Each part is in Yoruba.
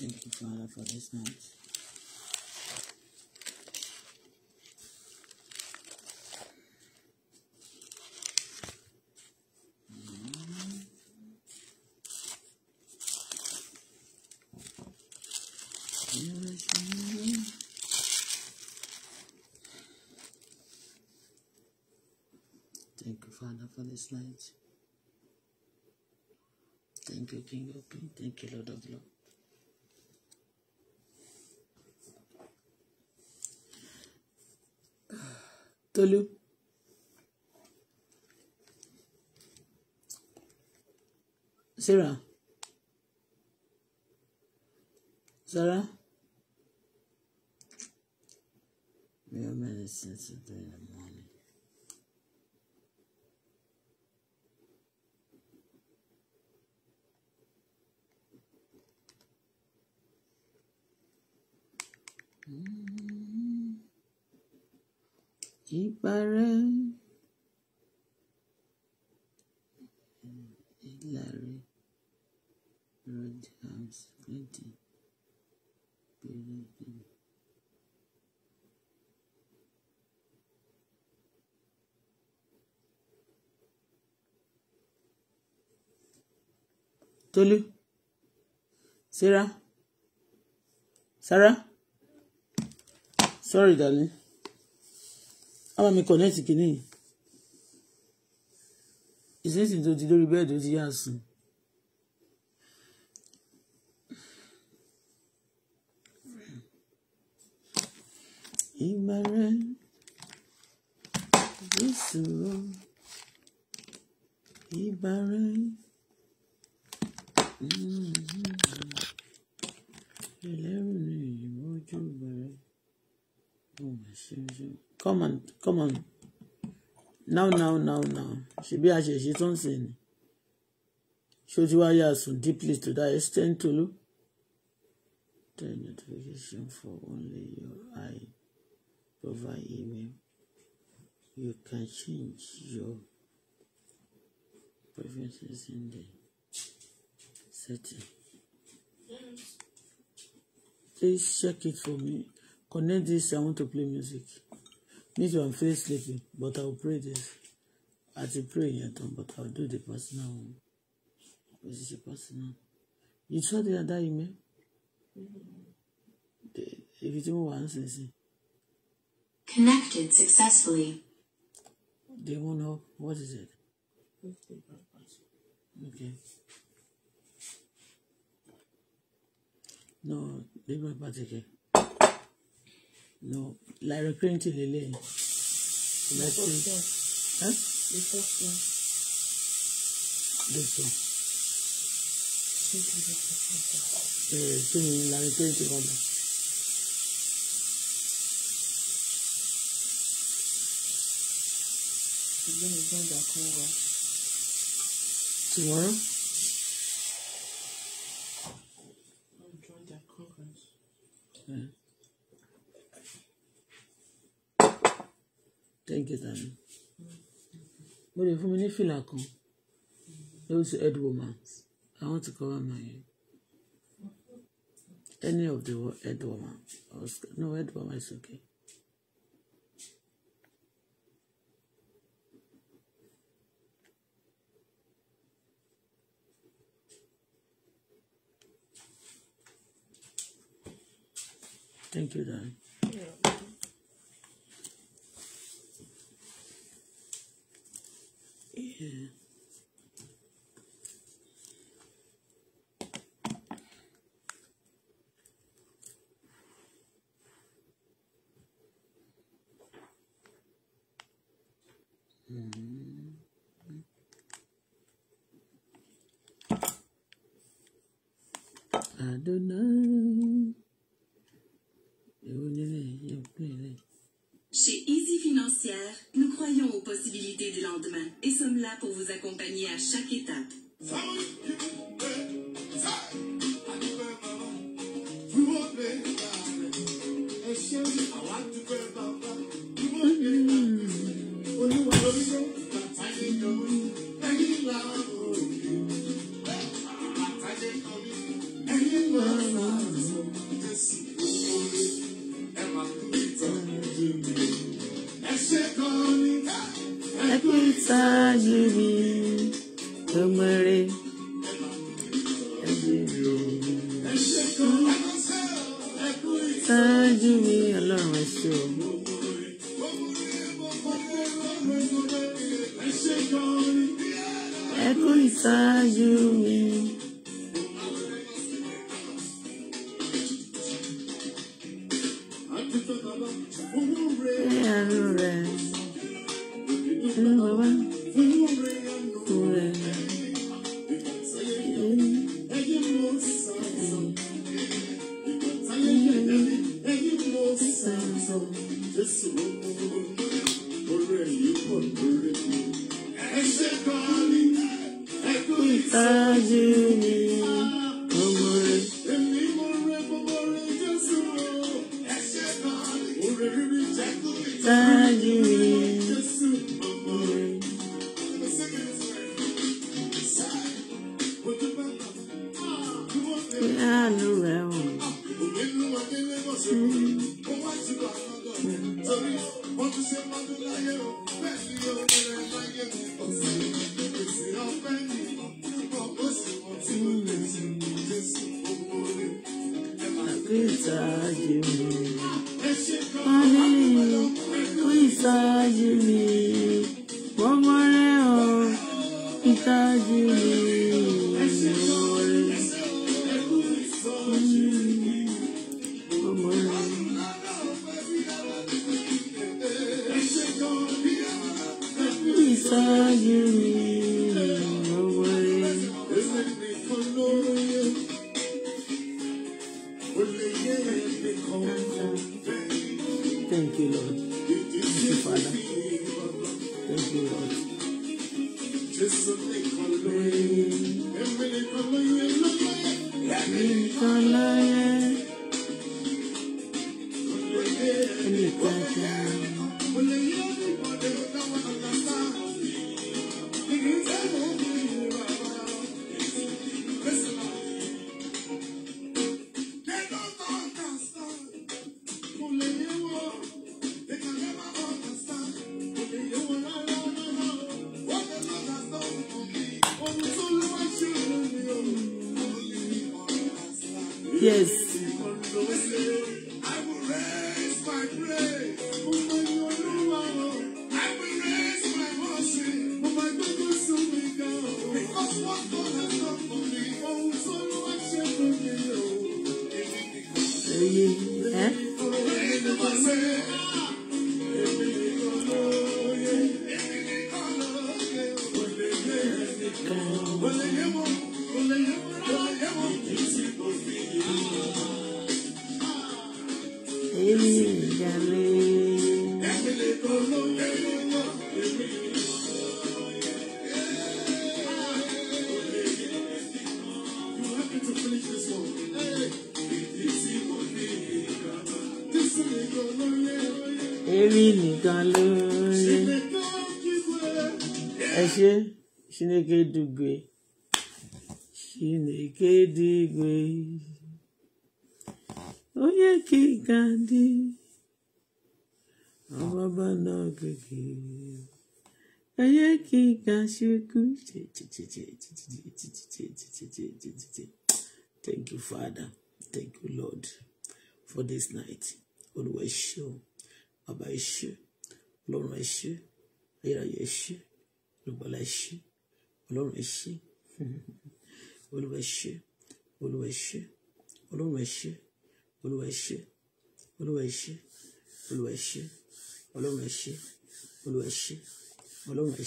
Thank you, Father, for this night. Thank you, Father, for this night. Thank you, King of Kings. Thank you, Lord of Lords. the loop. Sarah. Sarah. Real medicine is in the morning. Mm-hmm. ìparẹ́ Hillary Rodhams lédè pérébìnrin. Tolu Sarah Sarah sorry darling á bá mi connect kìíní yìí ìsinsìnyí tó ti lórí bẹ́ẹ̀dì ó ti yá sùn. ìgbàre jésù ìgbàre ìlẹ́rù ni ìwọ́jú ìgbàre ọ̀hún ṣe é ṣe come on come on now now now now She be tó she sè ni ṣó ti wá yà so deeply to that extent tolu turn notification for only your eye provide email you can change your preferences in the setting please check it for me connect this i want to play music. This one face sleeping, but I'll pray this. I will pray yet, but I'll do the personal one. Because it's a personal. You saw the other email? If you want to see. Connected successfully. They won't know. What is it? Okay. No, Liberal Party no lára kírìntì lélẹ̀ yìí. the first one. Huh? the first one. this one. ẹ̀ẹ́d tó ní lára kírìntì kan bọ̀. ṣùgbọ́n mi gbọ́dọ̀ kan wá. tomorrow. Mm. thank you sami mo lè fún mi ní fìlà kan those headwomans i want to cover my head any of the woman. no woman is okay. Thank you, Dad. Yeah. Mm-hmm. Chez Easy Financière, nous croyons aux possibilités du lendemain et sommes là pour vous accompagner à chaque étape. beside you. Thank you, Father. Thank you, Lord, for this night. Olúwa ẹ ṣé o, Bàbá ẹ ṣé, Ọlọ́run ẹ ṣé, ayérayé ẹ ṣé, olùgbàlà ẹ ṣé, Ọlọ́run ẹ ṣé, Olúwa ẹ ṣé, Olúwa ẹ ṣé, Ọlọ́run ẹ ṣé, Olúwa ẹ ṣé, Olúwa ẹ ṣé, Olúwa ẹ ṣé, Ọlọ́run ẹ ṣé, Olúwa ẹ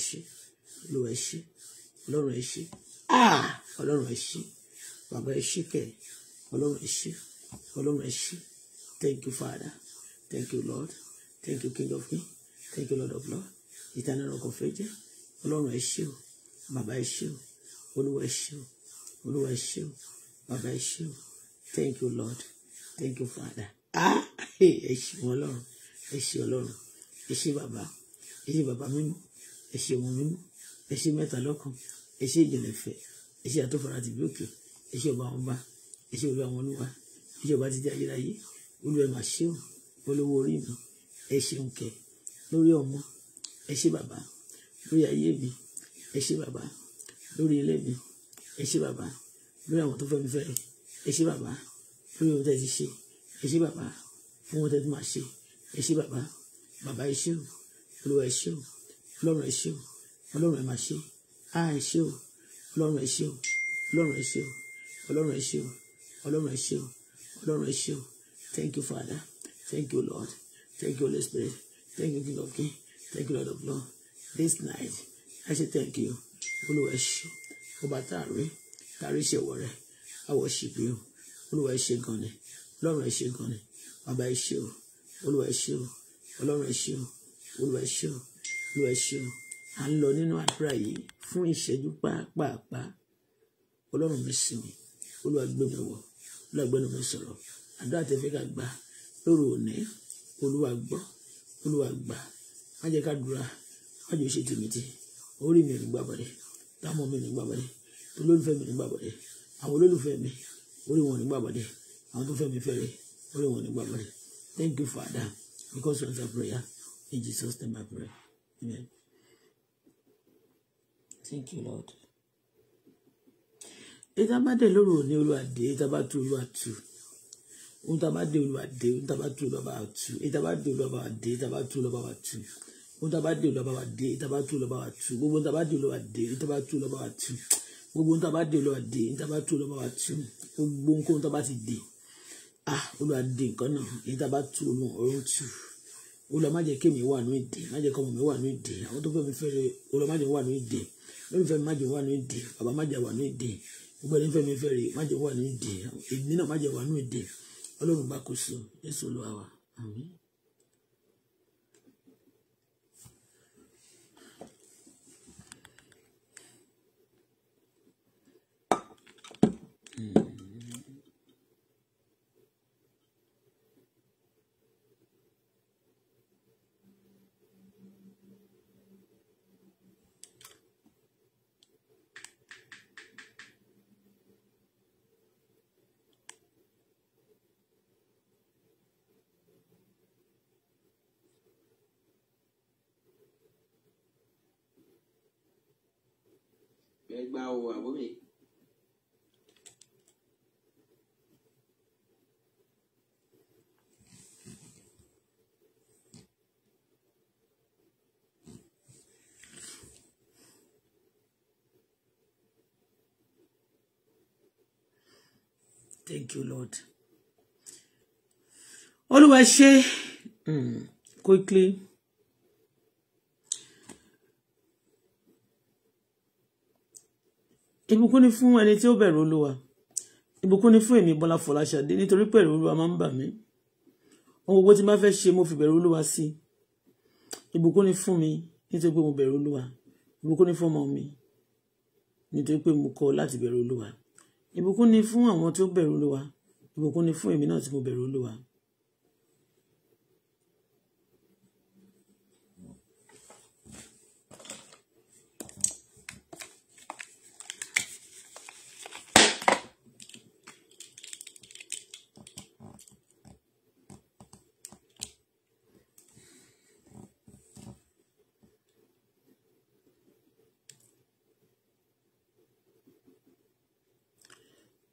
olúwa ẹ ṣé ọlọ́run ẹ ṣé ah! ọlọ́run ẹ ṣé bàbá ẹ ṣé kẹ ọlọ́run ẹ ṣé ọlọ́run ẹ ṣé thank you father thank you lord thank you king of kings thank you lord of lords Eternal ọkọ̀ fẹ́jẹ́ ọlọ́run ẹ ṣé o bàbá ẹ ṣé o olúwa ẹ ṣé o olúwa ẹ ṣé o bàbá ẹ ṣé o thank you lord thank you father ah ẹ ṣé wọn ọlọ́run ẹ ṣé ọlọ́run ẹ ṣé bàbá ẹ ṣé bàbá mímọ́ ẹ ṣé wọn mímọ́ ẹ ṣe mẹ́ta lọ́kàn ẹ ṣe ìjìnlẹ̀fẹ́ ẹ ṣe àtọ́fara tìbí òkè ẹ ṣe ọba àwọn ọba ẹ ṣe olú àwọn olúwa ẹ ṣe ọba títí ayérayé olúwa mà ṣeun olówó orí mi ẹ ṣeun kẹ lórí ọmọ ẹ ṣe bàbá lórí ayé mi ẹ ṣe bàbá lórí ilé mi ẹ ṣe bàbá lórí àwọn tó fẹ́ mi fẹ́ ẹ ṣe bàbá lórí ohun tẹ́ ti ṣe ẹ ṣe bàbá fún ohun tẹ́ ti máa ṣe ẹ ṣe bàbá bàbá ẹ olúwa ẹ ṣeun ọlọ́run ọlọ́run ẹ̀ máa ṣe o á ẹ̀ ṣe o ọlọ́run ẹ̀ ṣe o ọlọ́run ẹ̀ ṣe o ọlọ́run ẹ̀ ṣe o ọlọ́run ẹ̀ ṣe o ọlọ́run ẹ̀ ṣe o thank you father thank you lord thank you holy spirit thank you king of king thank you lord of lord this night i say thank you olúwa ẹ̀ ṣe ọba tààrí tààrí ṣèwọ rẹ i worship you olúwa ẹ̀ ṣe gan ni ọlọ́run ẹ̀ ṣe gan ni bàbá ẹ̀ ṣe o olúwa ẹ̀ ṣe o ọlọ́run ẹ̀ ṣe o olúwa ṣe o olúwa ṣe o à ń lọ nínú àdúrà yìí fún ìṣẹ́jú pàápàá ọlọ́run mi sinmi olúwa gbé mi wọ̀ olúwa gbẹ́nu mi sọ̀rọ̀ àdúrà tẹ́fẹ́ ká gbà lóru òní olúwa gbọ́ olúwa gbà má jẹ́ ká dúra má jẹ́ ṣe tèmítì orí mi ní gbàbọ̀dẹ̀ táwọn mi ní gbàbọ̀dẹ̀ olólùfẹ́ mi ní gbàbọ̀dẹ̀ àwọn olólùfẹ́ mi orí wọn ní gbàbọ̀dẹ̀ àwọn tó fẹ́ mi fẹ́rẹ̀ orí wọn ní gbàbọ̀dẹ̀ thank you father because you answer prayer in Jesus name amen thank you lord ètò abádé lóru òní olùwàdé ètò abádé olùwàtú ohun tá a bá dé olùwàdé ohun tá a bá tú olùwàbà wà tú ètò abádé olùwàbà wà dé ètò abádé olùwàbà wà tú ohun tá a bá dé olùwàbà wà dé ètò abádé gbogbo ohun tá a bá dé olùwàbà dé ètò abádé gbogbo ohun tá a bá dé olùwàdé ètò abádé olùwàbà wà tú gbogbo ohun tá a ti dé ah olùwàdé nǹkan náà ètò abádé olùwàbà wà olùwà má jẹ́ kémi wà ní ìdè má jẹ́ kọ́mọ mi wà ní ìdè àwọn tó fẹ́ mi fẹ́rẹ̀ olùwà má jẹ́ wà ní ìdè lórí fẹ́ mi má jẹ́ wà ní ìdè bàbá má wà ní ìdè gbogbo ẹni fẹ́ mi fẹ́rẹ̀ má wà ní ìdè èmi náà má wà ní ìdè ọlọ́run bá kó sí Jésù olúwa wa Thank you, Lord. Otherwise, mm, quickly. ìbùkún ni fún ẹni tí ó bẹ̀rù olúwa ìbùkún ni fún èmi bọ́lá fọláṣadé nítorí pé olúwa máa ń bà mí ohun gbogbo tí má fẹ́ ṣe mo fi bẹ̀rù olúwa sí ìbùkún ni fún mi nítorí pé mo bẹ̀rù olúwa ìbùkún ni fún ọmọ mi nítorí pé mo kọ́ láti bẹ̀rù olúwa ìbùkún ni fún àwọn tó bẹ̀rù olúwa ìbùkún ni fún èmi náà tí mo bẹ̀rù olúwa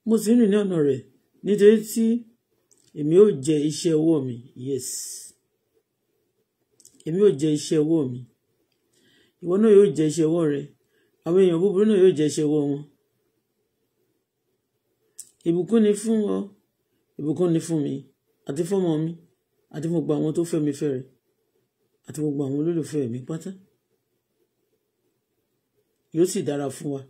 mo sì ń rìn ní ọ̀nà rẹ̀ nítorí tí èmi ò jẹ iṣẹ́ ọwọ́ mi yes èmi ò jẹ iṣẹ́ ọwọ́ mi ìwọ náà yóò jẹ iṣẹ́ ọwọ́ rẹ àwọn èèyàn búburú náà yóò jẹ iṣẹ́ ọwọ́ wọn ìbùkún ni fún ọ ìbùkún ni fún mi àti fọmọ mi àti fún gbogbo àwọn tó fẹ́ mi fẹ́rẹ̀ àti gbogbo àwọn olólùfẹ́ mi pátá yóò sì dára fún wa.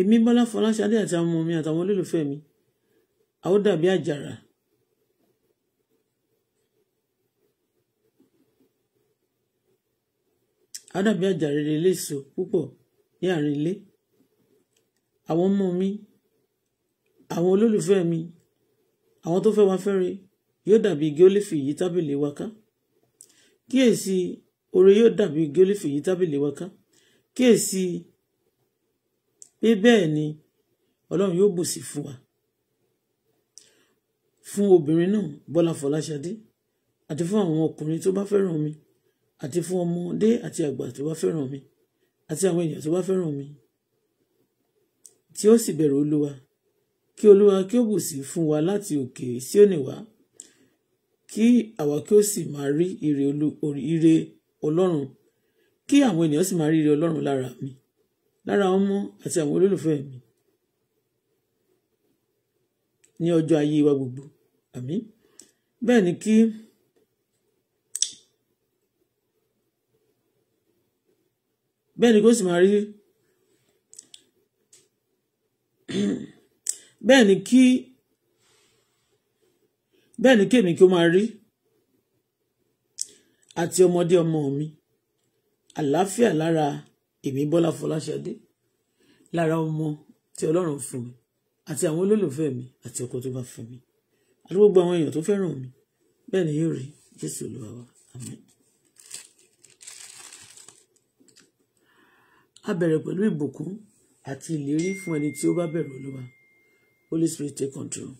èmi bọ́lá fọláṣadé àti àwọn ọmọ mi àtàwọn olólùfẹ́ mi àwọn dàbí àjàrà àwọn dàbí àjàrà rere léso púpọ̀ ní àárín ilé àwọn ọmọ mi àwọn olólùfẹ́ mi àwọn tó fẹ́ wa fẹ́re yóò dàbí igi olífì yí tábìlì wa kíyèsí oore yóò dàbí igi olífì yí tábìlì wa kíyèsí pé bẹ́ẹ̀ ni ọlọ́run yóò bùsí fún wa fún obìnrin náà bọ́lá fọláṣadé àti fún àwọn ọkùnrin tó bá fẹ́ràn mi àti fún ọmọdé àti àgbà tó bá fẹ́ràn mi àti àwọn èèyàn tó bá fẹ́ràn mi tí ó sì bẹ̀rù olúwa kí olúwa kí ó bùsí fún wa láti òkè sí òní wá kí àwa kí ó sì máa rí ire ọlọ́run kí àwọn ènìyàn sì máa rí ire ọlọ́run lára mi lára ọmọ àti àwọn olólùfẹ́ mi ní ọjọ́ ayé wa gbogbo àmín bẹ́ẹ̀ ni kí bẹ́ẹ̀ ni kó sì máa rí bẹ́ẹ̀ ni kí bẹ́ẹ̀ ni kémi kí ó máa rí àti ọmọdé ọmọ mi àlàáfíà lára. La èmi Bọ́lá Fọláṣadé lára ọmọ tí Ọlọ́run fún mi àti àwọn olólùfẹ́ mi àti ọkọ tó bá fún mi àti gbogbo àwọn èèyàn tó fẹ́ràn mi bẹ́ẹ̀ ni yóò rí Jésù Olúwa wa àmín. a bẹ̀rẹ̀ pẹ̀lú ìbùkún àti ìlérí fún ẹni tí ó bá bẹ̀rù Olúwa Holy Spirit take control.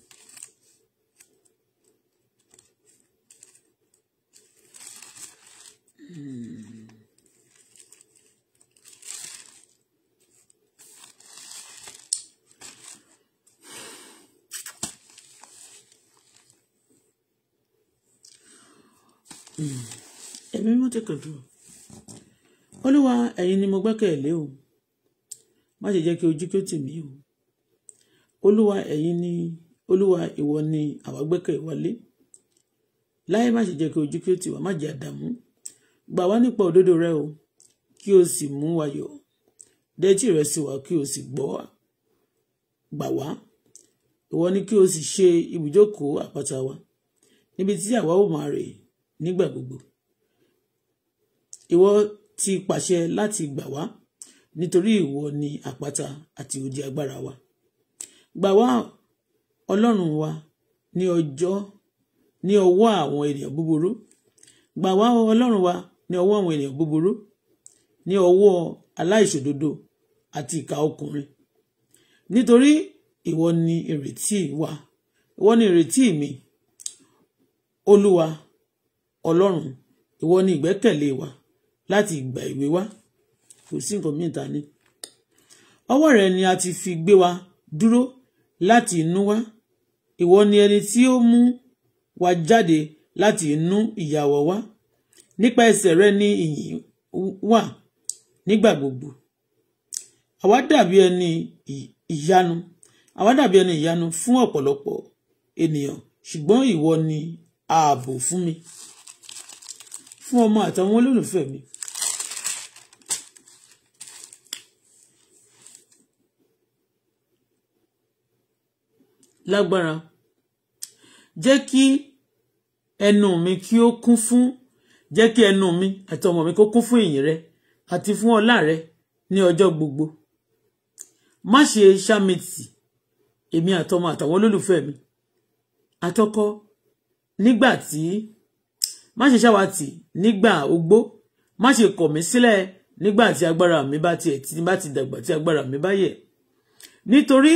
ẹ̀mí mímọ́ take control olúwa ẹ̀yin ni mo gbẹ́kẹ̀lé o má ṣe jẹ́ kí ojú kí ó tì mí o olúwa ẹ̀yin ni olúwa ìwọ ni àwa gbẹ́kẹ̀ wọlé láyé má ṣe jẹ́ kí ojú kí ó tì wá má jẹ́ àdàmú gbà wá nípa òdodo rẹ o kí o sì mú wa yọ̀ dẹ́tí rẹ sí wa kí o sì gbọ́ gbà wá ìwọ ni kí o sì ṣe ibùjókòó àpáta wa níbi tí àwa ó máa rè nígbà gbogbo ìwọ ti pàṣẹ láti gbà wá nítorí ìwọ ni àpáta àti odi agbára wa gbà wá ọlọ́run wa ní ọjọ́ ní ọwọ́ àwọn ènìyàn búburú gbà wá ọlọ́run wa ní ọwọ́ àwọn ènìyàn búburú ní ọwọ́ aláìṣòdodo àti ìkà ọkùnrin nítorí ìwọ ni ìrètí wa ìwọ ni ìrètí mi olúwa ọlọ́run ìwọ ni ìgbẹ́kẹ̀lé wa láti ìgbà ìwé wá kò sí nǹkan mìíràn ta ní. ọwọ́ rẹ̀ ni a ti fi gbé wa dúró láti inú wá ìwọ ni ẹni tí ó mú wa jáde láti inú ìyàwó wa nípa ẹsẹ̀ rẹ ní ìyìn wà nígbà gbogbo àwa dàbí ẹni ìyanu àwa dàbí ẹni ìyanu fún ọ̀pọ̀lọpọ̀ ènìyàn ṣùgbọ́n ìwọ ni ààbò fún mi fún ọmọ àtàwọn olólùfẹ́ mi lágbára jẹ́ kí ẹnu mi kí ó kún fún jẹ́ kí ẹnu mi àti ọmọ mi kó kún fún ìyìn rẹ àti fún ọlá rẹ ní ọjọ́ gbogbo má ṣe ṣàmìtì èmi àtọmọ àtàwọn olólùfẹ́ mi àtọkọ nígbà tí má ṣe ṣàwátì nígbà ogbó má ṣe kọ̀ mí sílẹ̀ nígbà tí agbára mi bá tiẹ̀ tí bá ti dàgbà tí agbára mi bá yẹ̀ nítorí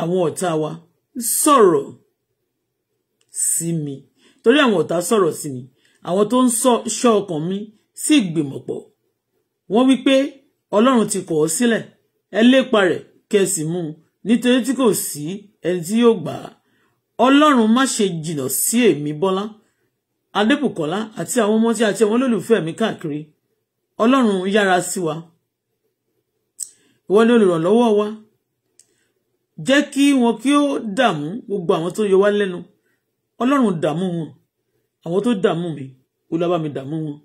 àwọn ọ̀tá wa sọ̀rọ̀ sí mi torí àwọn ọ̀tá sọ̀rọ̀ sí mi àwọn tó ń ṣọ́ ọkàn mi sí ìgbìmọ̀ pọ̀ wọ́n wí pé ọlọ́run ti kọ̀ ọ́ sílẹ̀ ẹ lépa rẹ̀ kẹsì mú un nítorí tí kò sí ẹni tí yóò gbà á ọlọ́run má ṣe jìnnà sí èmi bọ́lá adébùkọ́lá àti àwọn ọmọ tí àti àwọn olólùfẹ́ mi káàkiri ọlọ́run yára sí wa ìwọ ni olùrànlọ́wọ́ wa jẹ́ kí wọn kí ó dààmú gbogbo àwọn tó yọ wá lẹ́nu ọlọ́run dààmú wọn àwọn tó dààmú mi olúwa bá mi dààmú wọn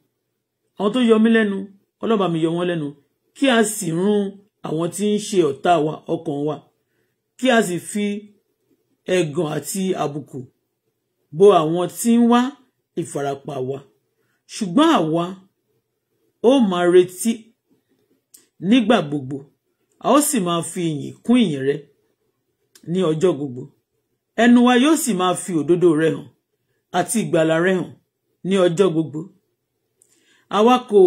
àwọn tó yọ mí lẹ́nu ọlọ́run bá mi yọ wọn lẹ́nu kí a sì run àwọn tí ń ṣe ọ̀tá wa ọkàn wa kí a sì fi ẹ̀gàn àti àbùkù bo àwọn tí ń wá ìfarapa wa ṣùgbọ́n àwa ó máa retí nígbà gbogbo a ó sì máa fi ìyìn kún ìyìn rẹ ní ọjọ́ gbogbo ẹnu wa yóò sì máa fi òdodo rẹ hàn àti ìgbàlà rẹ hàn ní ọjọ́ gbogbo àwa kò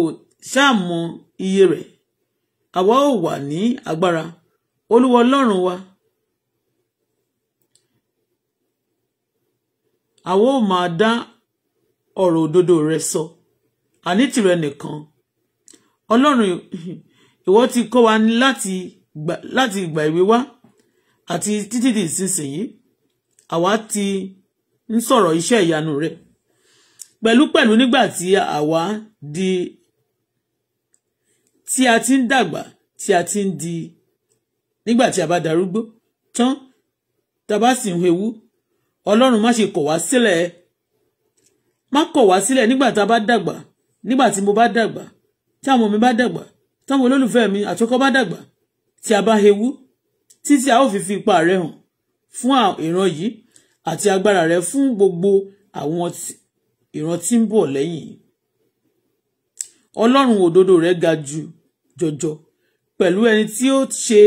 ṣàmọ iye rẹ̀ àwa ò wà ní agbára olúwa ọlọ́run wa àwa ò máa dá ọ̀rọ̀ òdodo rẹ sọ àní tìrẹ nìkan ọlọ́run ìwọ ti kọ́ wa láti ìgbà èwe wá àti títí di ìsinsìnyí àwa ti ń sọ̀rọ̀ iṣẹ́ ìyanu rẹ̀ pẹ̀lúpẹ̀lú nígbà tí àwa di tí a ti ń dàgbà tí a ti ń di nígbà tí a bá darúgbó tán tá a bá sì ń hewú ọlọ́run má ṣe kọ̀ wá sílẹ̀ má kọ̀ wá sílẹ̀ nígbà tá a bá dàgbà nígbà tí mo bá dàgbà tí àwọn ọmọ mi bá dàgbà táwọn olólùfẹ́ mi àtọkọ bá dàgbà tí a bá hewú títí a ó fi fi ipa rẹ hàn fún ìran yìí àti agbára rẹ fún gbogbo àwọn ìran tí ń bọ̀ lẹ́yìn ọlọ́run òdodo rẹ ga ju jọjọ pẹ̀lú ẹni tí ó ṣe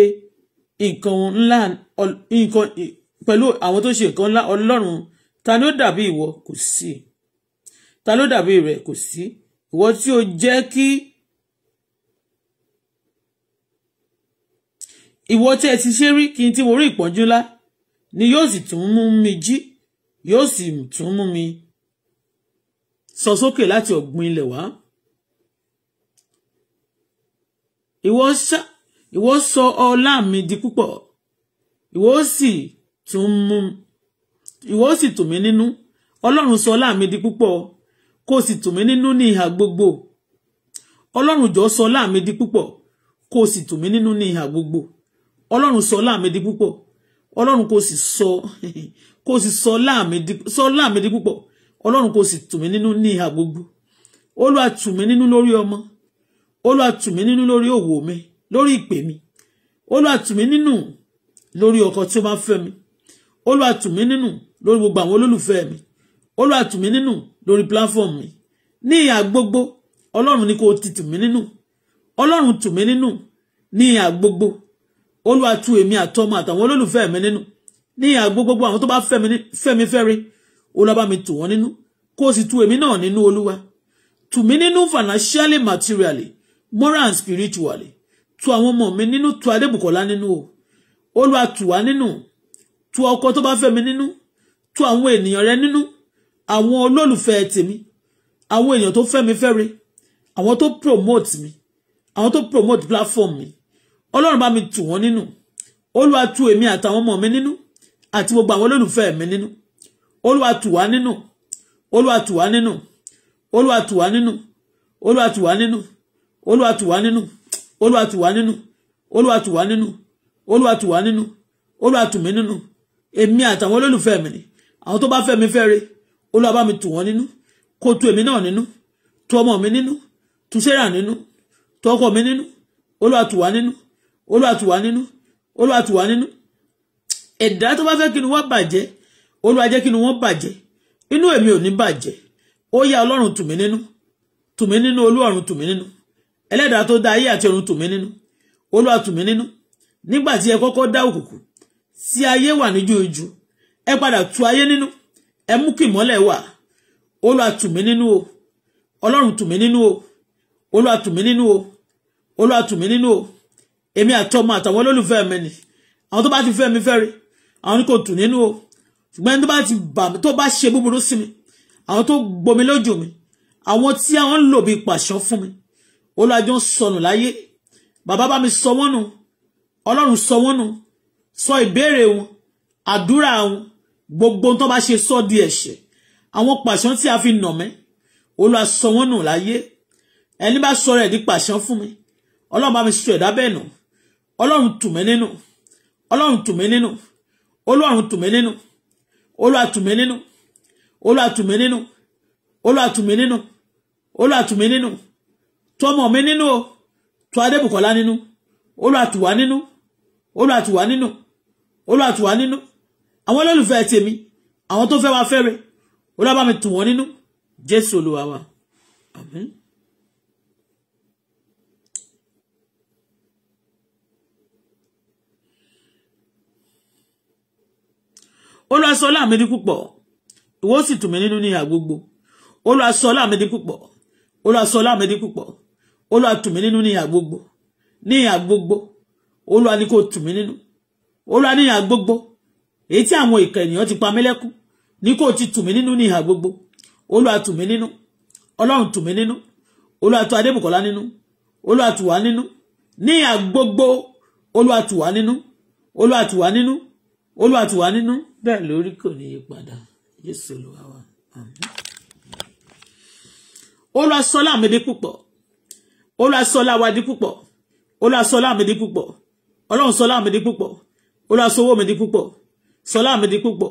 nǹkan ńlá nǹkan pẹ̀lú àwọn tó ṣe nǹkan ńlá ọlọ́run ta ló dàbí ìwọ kò sí ta ló dàbí rẹ kò sí ìwọ tí ó jẹ́ kí ìwọ tí ẹ ti ṣe rí kí n tí mo rí ìpọ́njú ńlá ni yóò sì tún mú mi jí yóò sì tún mú mi sọ sókè láti ọ̀gbun ilẹ̀ wá. ìwọ sọ ọlá mi di púpọ̀ ìwọ sì tún mú ìwọ sì tù mí nínú ọlọ́run sọ ọlá mi di púpọ̀ kó sì tù mí nínú ní ìhà gbogbo ọlọ́run jọ sọ ọlá mi di púpọ̀ kó sì tù mí nínú ní ìhà gbogbo ọlọ́run sọ láàmì di púpọ̀ ọlọ́run kò sì sọ kò sì sọ láàmì di sọ láàmì di púpọ̀ ọlọ́run kò sì tù mí nínú ní ìhà gbogbo olúwa tù mí nínú lórí ọmọ olúwa tù mí nínú lórí òwò mi lórí ìpè mi olúwa tù mí nínú lórí ọkọ tí ó bá fẹ́ mi olúwa tù nínú lórí gbogbo àwọn olólùfẹ́ mi olúwa tù nínú lórí platform mi ní ìhà gbogbo ọlọ́run ni kò ti tù mí nínú ọlọ́run tù mí nínú ní ìhà gbogbo olúwa tú èmi àtọmọ àtàwọn olólùfẹ́ mi nínú ní àgbo gbogbo àwọn tó bá fẹ́mi fẹ́re olúwa bá mi tù wọ́n nínú kó o sì tú èmi náà nínú olúwa tù mí nínú financially materially moral and spiritually tú àwọn ọmọ mi nínú tú adébùkọ́lá nínú o olúwa tù wá nínú tú ọkọ tó bá fẹ́mi nínú tú àwọn ènìyàn rẹ nínú àwọn olólùfẹ́ tèmi àwọn èèyàn tó fẹ́mi fẹ́re àwọn tó promote mi àwọn tó promote platform mi ọlọ́run bá mi tù wọ́n nínú olúwa tù èmi àtàwọn ọmọ mi nínú àti gbogbo àwọn olólùfẹ́ mi nínú olúwa tù wá nínú olúwa tù wá nínú olúwa tù wá nínú olúwa tù wá nínú olúwa tù wá nínú olúwa tù wá nínú olúwa tù wá nínú olúwa tù wá nínú olúwa tù mí nínú èmi àtàwọn olólùfẹ́ mi ni àwọn tó bá fẹ́ mi fẹ́ re olúwa bá mi tù wọ́n nínú kó tu èmi náà nínú tu ọmọ mi nínú tu sarah nínú tu ọkọ mi nínú olúwa tù wá nínú olúwa tù wá nínú olúwa tù wá nínú ẹ̀dá tó bá fẹ́ kí ni wọ́n bàjẹ́ olúwa jẹ́ kí ni wọ́n bàjẹ́ inú èmi ò ní bàjẹ́ ó yá ọlọ́run tù mí nínú tù mí nínú olúọ̀run tù mí nínú ẹlẹ́dàá tó dá ayé àti ọ̀run tù mí nínú olúwa tù mí nínú nígbà tí ẹ kọ́kọ́ dá òkùnkùn tí ayé wà ní jújú ẹ padà tu ayé nínú ẹ mú kí ìmọ́lẹ̀ wà olúwa tù mí nínú o ọlọ́run tù mí nínú o olúwa tù mí nínú o olúwa tù mí nínú o èmi àtọmọ àtàwọn olólùfẹ́ mi ni àwọn tó bá ti fẹ́ mi fẹ́ rí àwọn ní kò tù nínú o ṣùgbọ́n tó bá ti bà mí tó bá ṣe búburú sí mi àwọn tó gbomi lójú mi àwọn tí àwọn ń lò bí pàṣán fún mi olùwàjọ ń sọnù láyé bàbá bá mi sọ wọ́n nù ọlọ́run sọ wọ́n nù sọ ìbéèrè wọn àdúrà wọn gbogbo tó bá ṣe sọ di ẹ̀ṣẹ̀ àwọn pàṣán tí a fi nà mẹ́ olùwà sọ wọ́n nù láyé ẹni bá sọ rẹ̀ di pàṣán fún mi ọlọ́run bá mi sọ ẹ̀dá bẹ́ẹ̀ nù ọlọ́run tù mí nínú ọlọ́run tù mí nínú ọlọ́run tù mí nínú olúwa tù mí nínú olúwa tù mí nínú olúwa tù mí nínú olúwa tù mí nínú tù ọmọ mi nínú o tù adébùkọ́lá nínú olúwa tù wá nínú olúwa tù wá nínú olúwa tù wá nínú àwọn olólùfẹ́ tèmi àwọn tó fẹ́ wa fẹ́re olúwa bá mi tù wọ́n nínú jésù olúwa wa àmín. Olúwa sọ ọlá mi di púpọ̀ ìwọ sì tù mí nínú ní ìhà gbogbo Olúwa sọ ọlá di púpọ̀ Olúwa sọ ọlá mi di púpọ̀ Olúwa tù mí nínú ní ìhà gbogbo ní ìhà gbogbo Olúwa ni kò tù mí nínú Olúwa ní ìhà gbogbo èyí tí àwọn ìkà ènìyàn ti pa mí lẹ́kún ni kò ti tù mí nínú ní ìhà gbogbo Olúwa tù mí nínú Ọlọ́run tù mí nínú Olúwa tù Adébùkọ́lá nínú Olúwa tù wá nínú ní ìhà gbogbo Olúwa tù wá nínú Olúwa tù wá nínú Olúwa tù wá nínú bẹ́ẹ̀ lórí kò ní yí padà Jésù Olúwa wa àmín. Olúwa sọlá mi di púpọ̀ Olúwa sọlá wa di púpọ̀ Olúwa sọlá mi di púpọ̀ Ọlọ́run sọlá mi di púpọ̀ Olúwa sọwọ́ mi di púpọ̀ sọlá mi di púpọ̀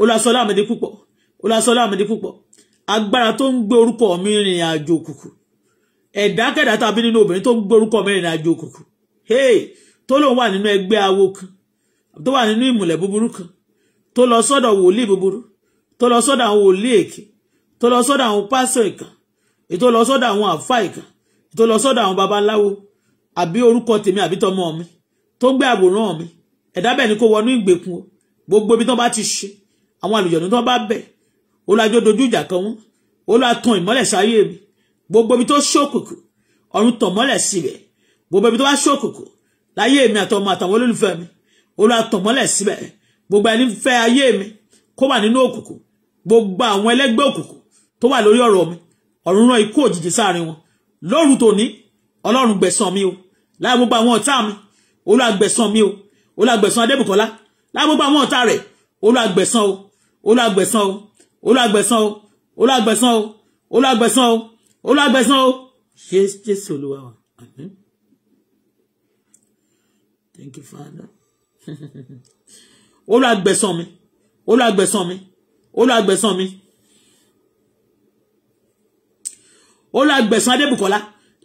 Olúwa sọlá mi di púpọ̀ Olúwa sọlá mi di púpọ̀ agbára tó ń gbé orúkọ mi rìn àjò òkùnkùn ẹ̀dákẹ́dá tàbí nínú obìnrin tó ń gbé orúkọ mi rìn àjò òkùnkùn hey tó lóun wà nínú ẹgbẹ́ awo kan tó wà nínú ìmùlẹ̀ búburú kan tó lọ sọ́dọ̀ wòlíì búburú tó lọ sọ́dọ̀ àwọn wòlíì èké tó lọ sọ́dọ̀ àwọn pásọ̀ ìkàn ètò lọ sọ́dọ̀ àwọn àfáà ìkàn ètò lọ sọ́dọ̀ àwọn babaláwo àbí orúkọ tèmi àbí tọmọ mi tó gbé àwòrán mi ẹ̀dá bẹ́ẹ̀ ni kò wọnú ìgbèkùn o gbogbo ibi tó bá ti ṣe àwọn àlùjọ̀dún tó bá bẹ̀ olùjọ dojú ìjà kan wọn olùtàn ìmọ́lẹ̀ sáyé mi gbogbo ibi tó ṣókùnkùn ọ̀run tàn mọ́lẹ̀ síbẹ̀ gbogbo ibi tó bá ṣókùnkùn láyé mi àtọmọ àtàwọn olólùfẹ́ mi olùtàn mọ́lẹ̀ síbẹ̀ gbogbo ẹni fẹ́ ayé mi kó wà nínú òkùnkùn gbogbo àwọn ẹlẹ́gbẹ́ òkùnkùn tó wà lórí ọ̀rọ̀ mi ọ̀run rán ikú òjijì sáàrin wọn lóru tòní ọlọ́run gbẹ̀san mi o láì gbogbo àwọn ọ̀tá mi olúwa mi o olúwa gbẹ̀san adébùkọ́lá láì gbogbo àwọn ọ̀tá rẹ̀ olúwa o olúwa gbẹ̀san o olúwa gbẹ̀san o olúwa gbẹ̀san o olúwa gbẹ̀san o olúwa gbẹ̀san o jésù olúwa amen thank you father olúwa gbẹ̀san mi olúwa gbẹ̀san mi olúwa gbẹ̀san mi olúwa gbẹ̀san adébùkọ́lá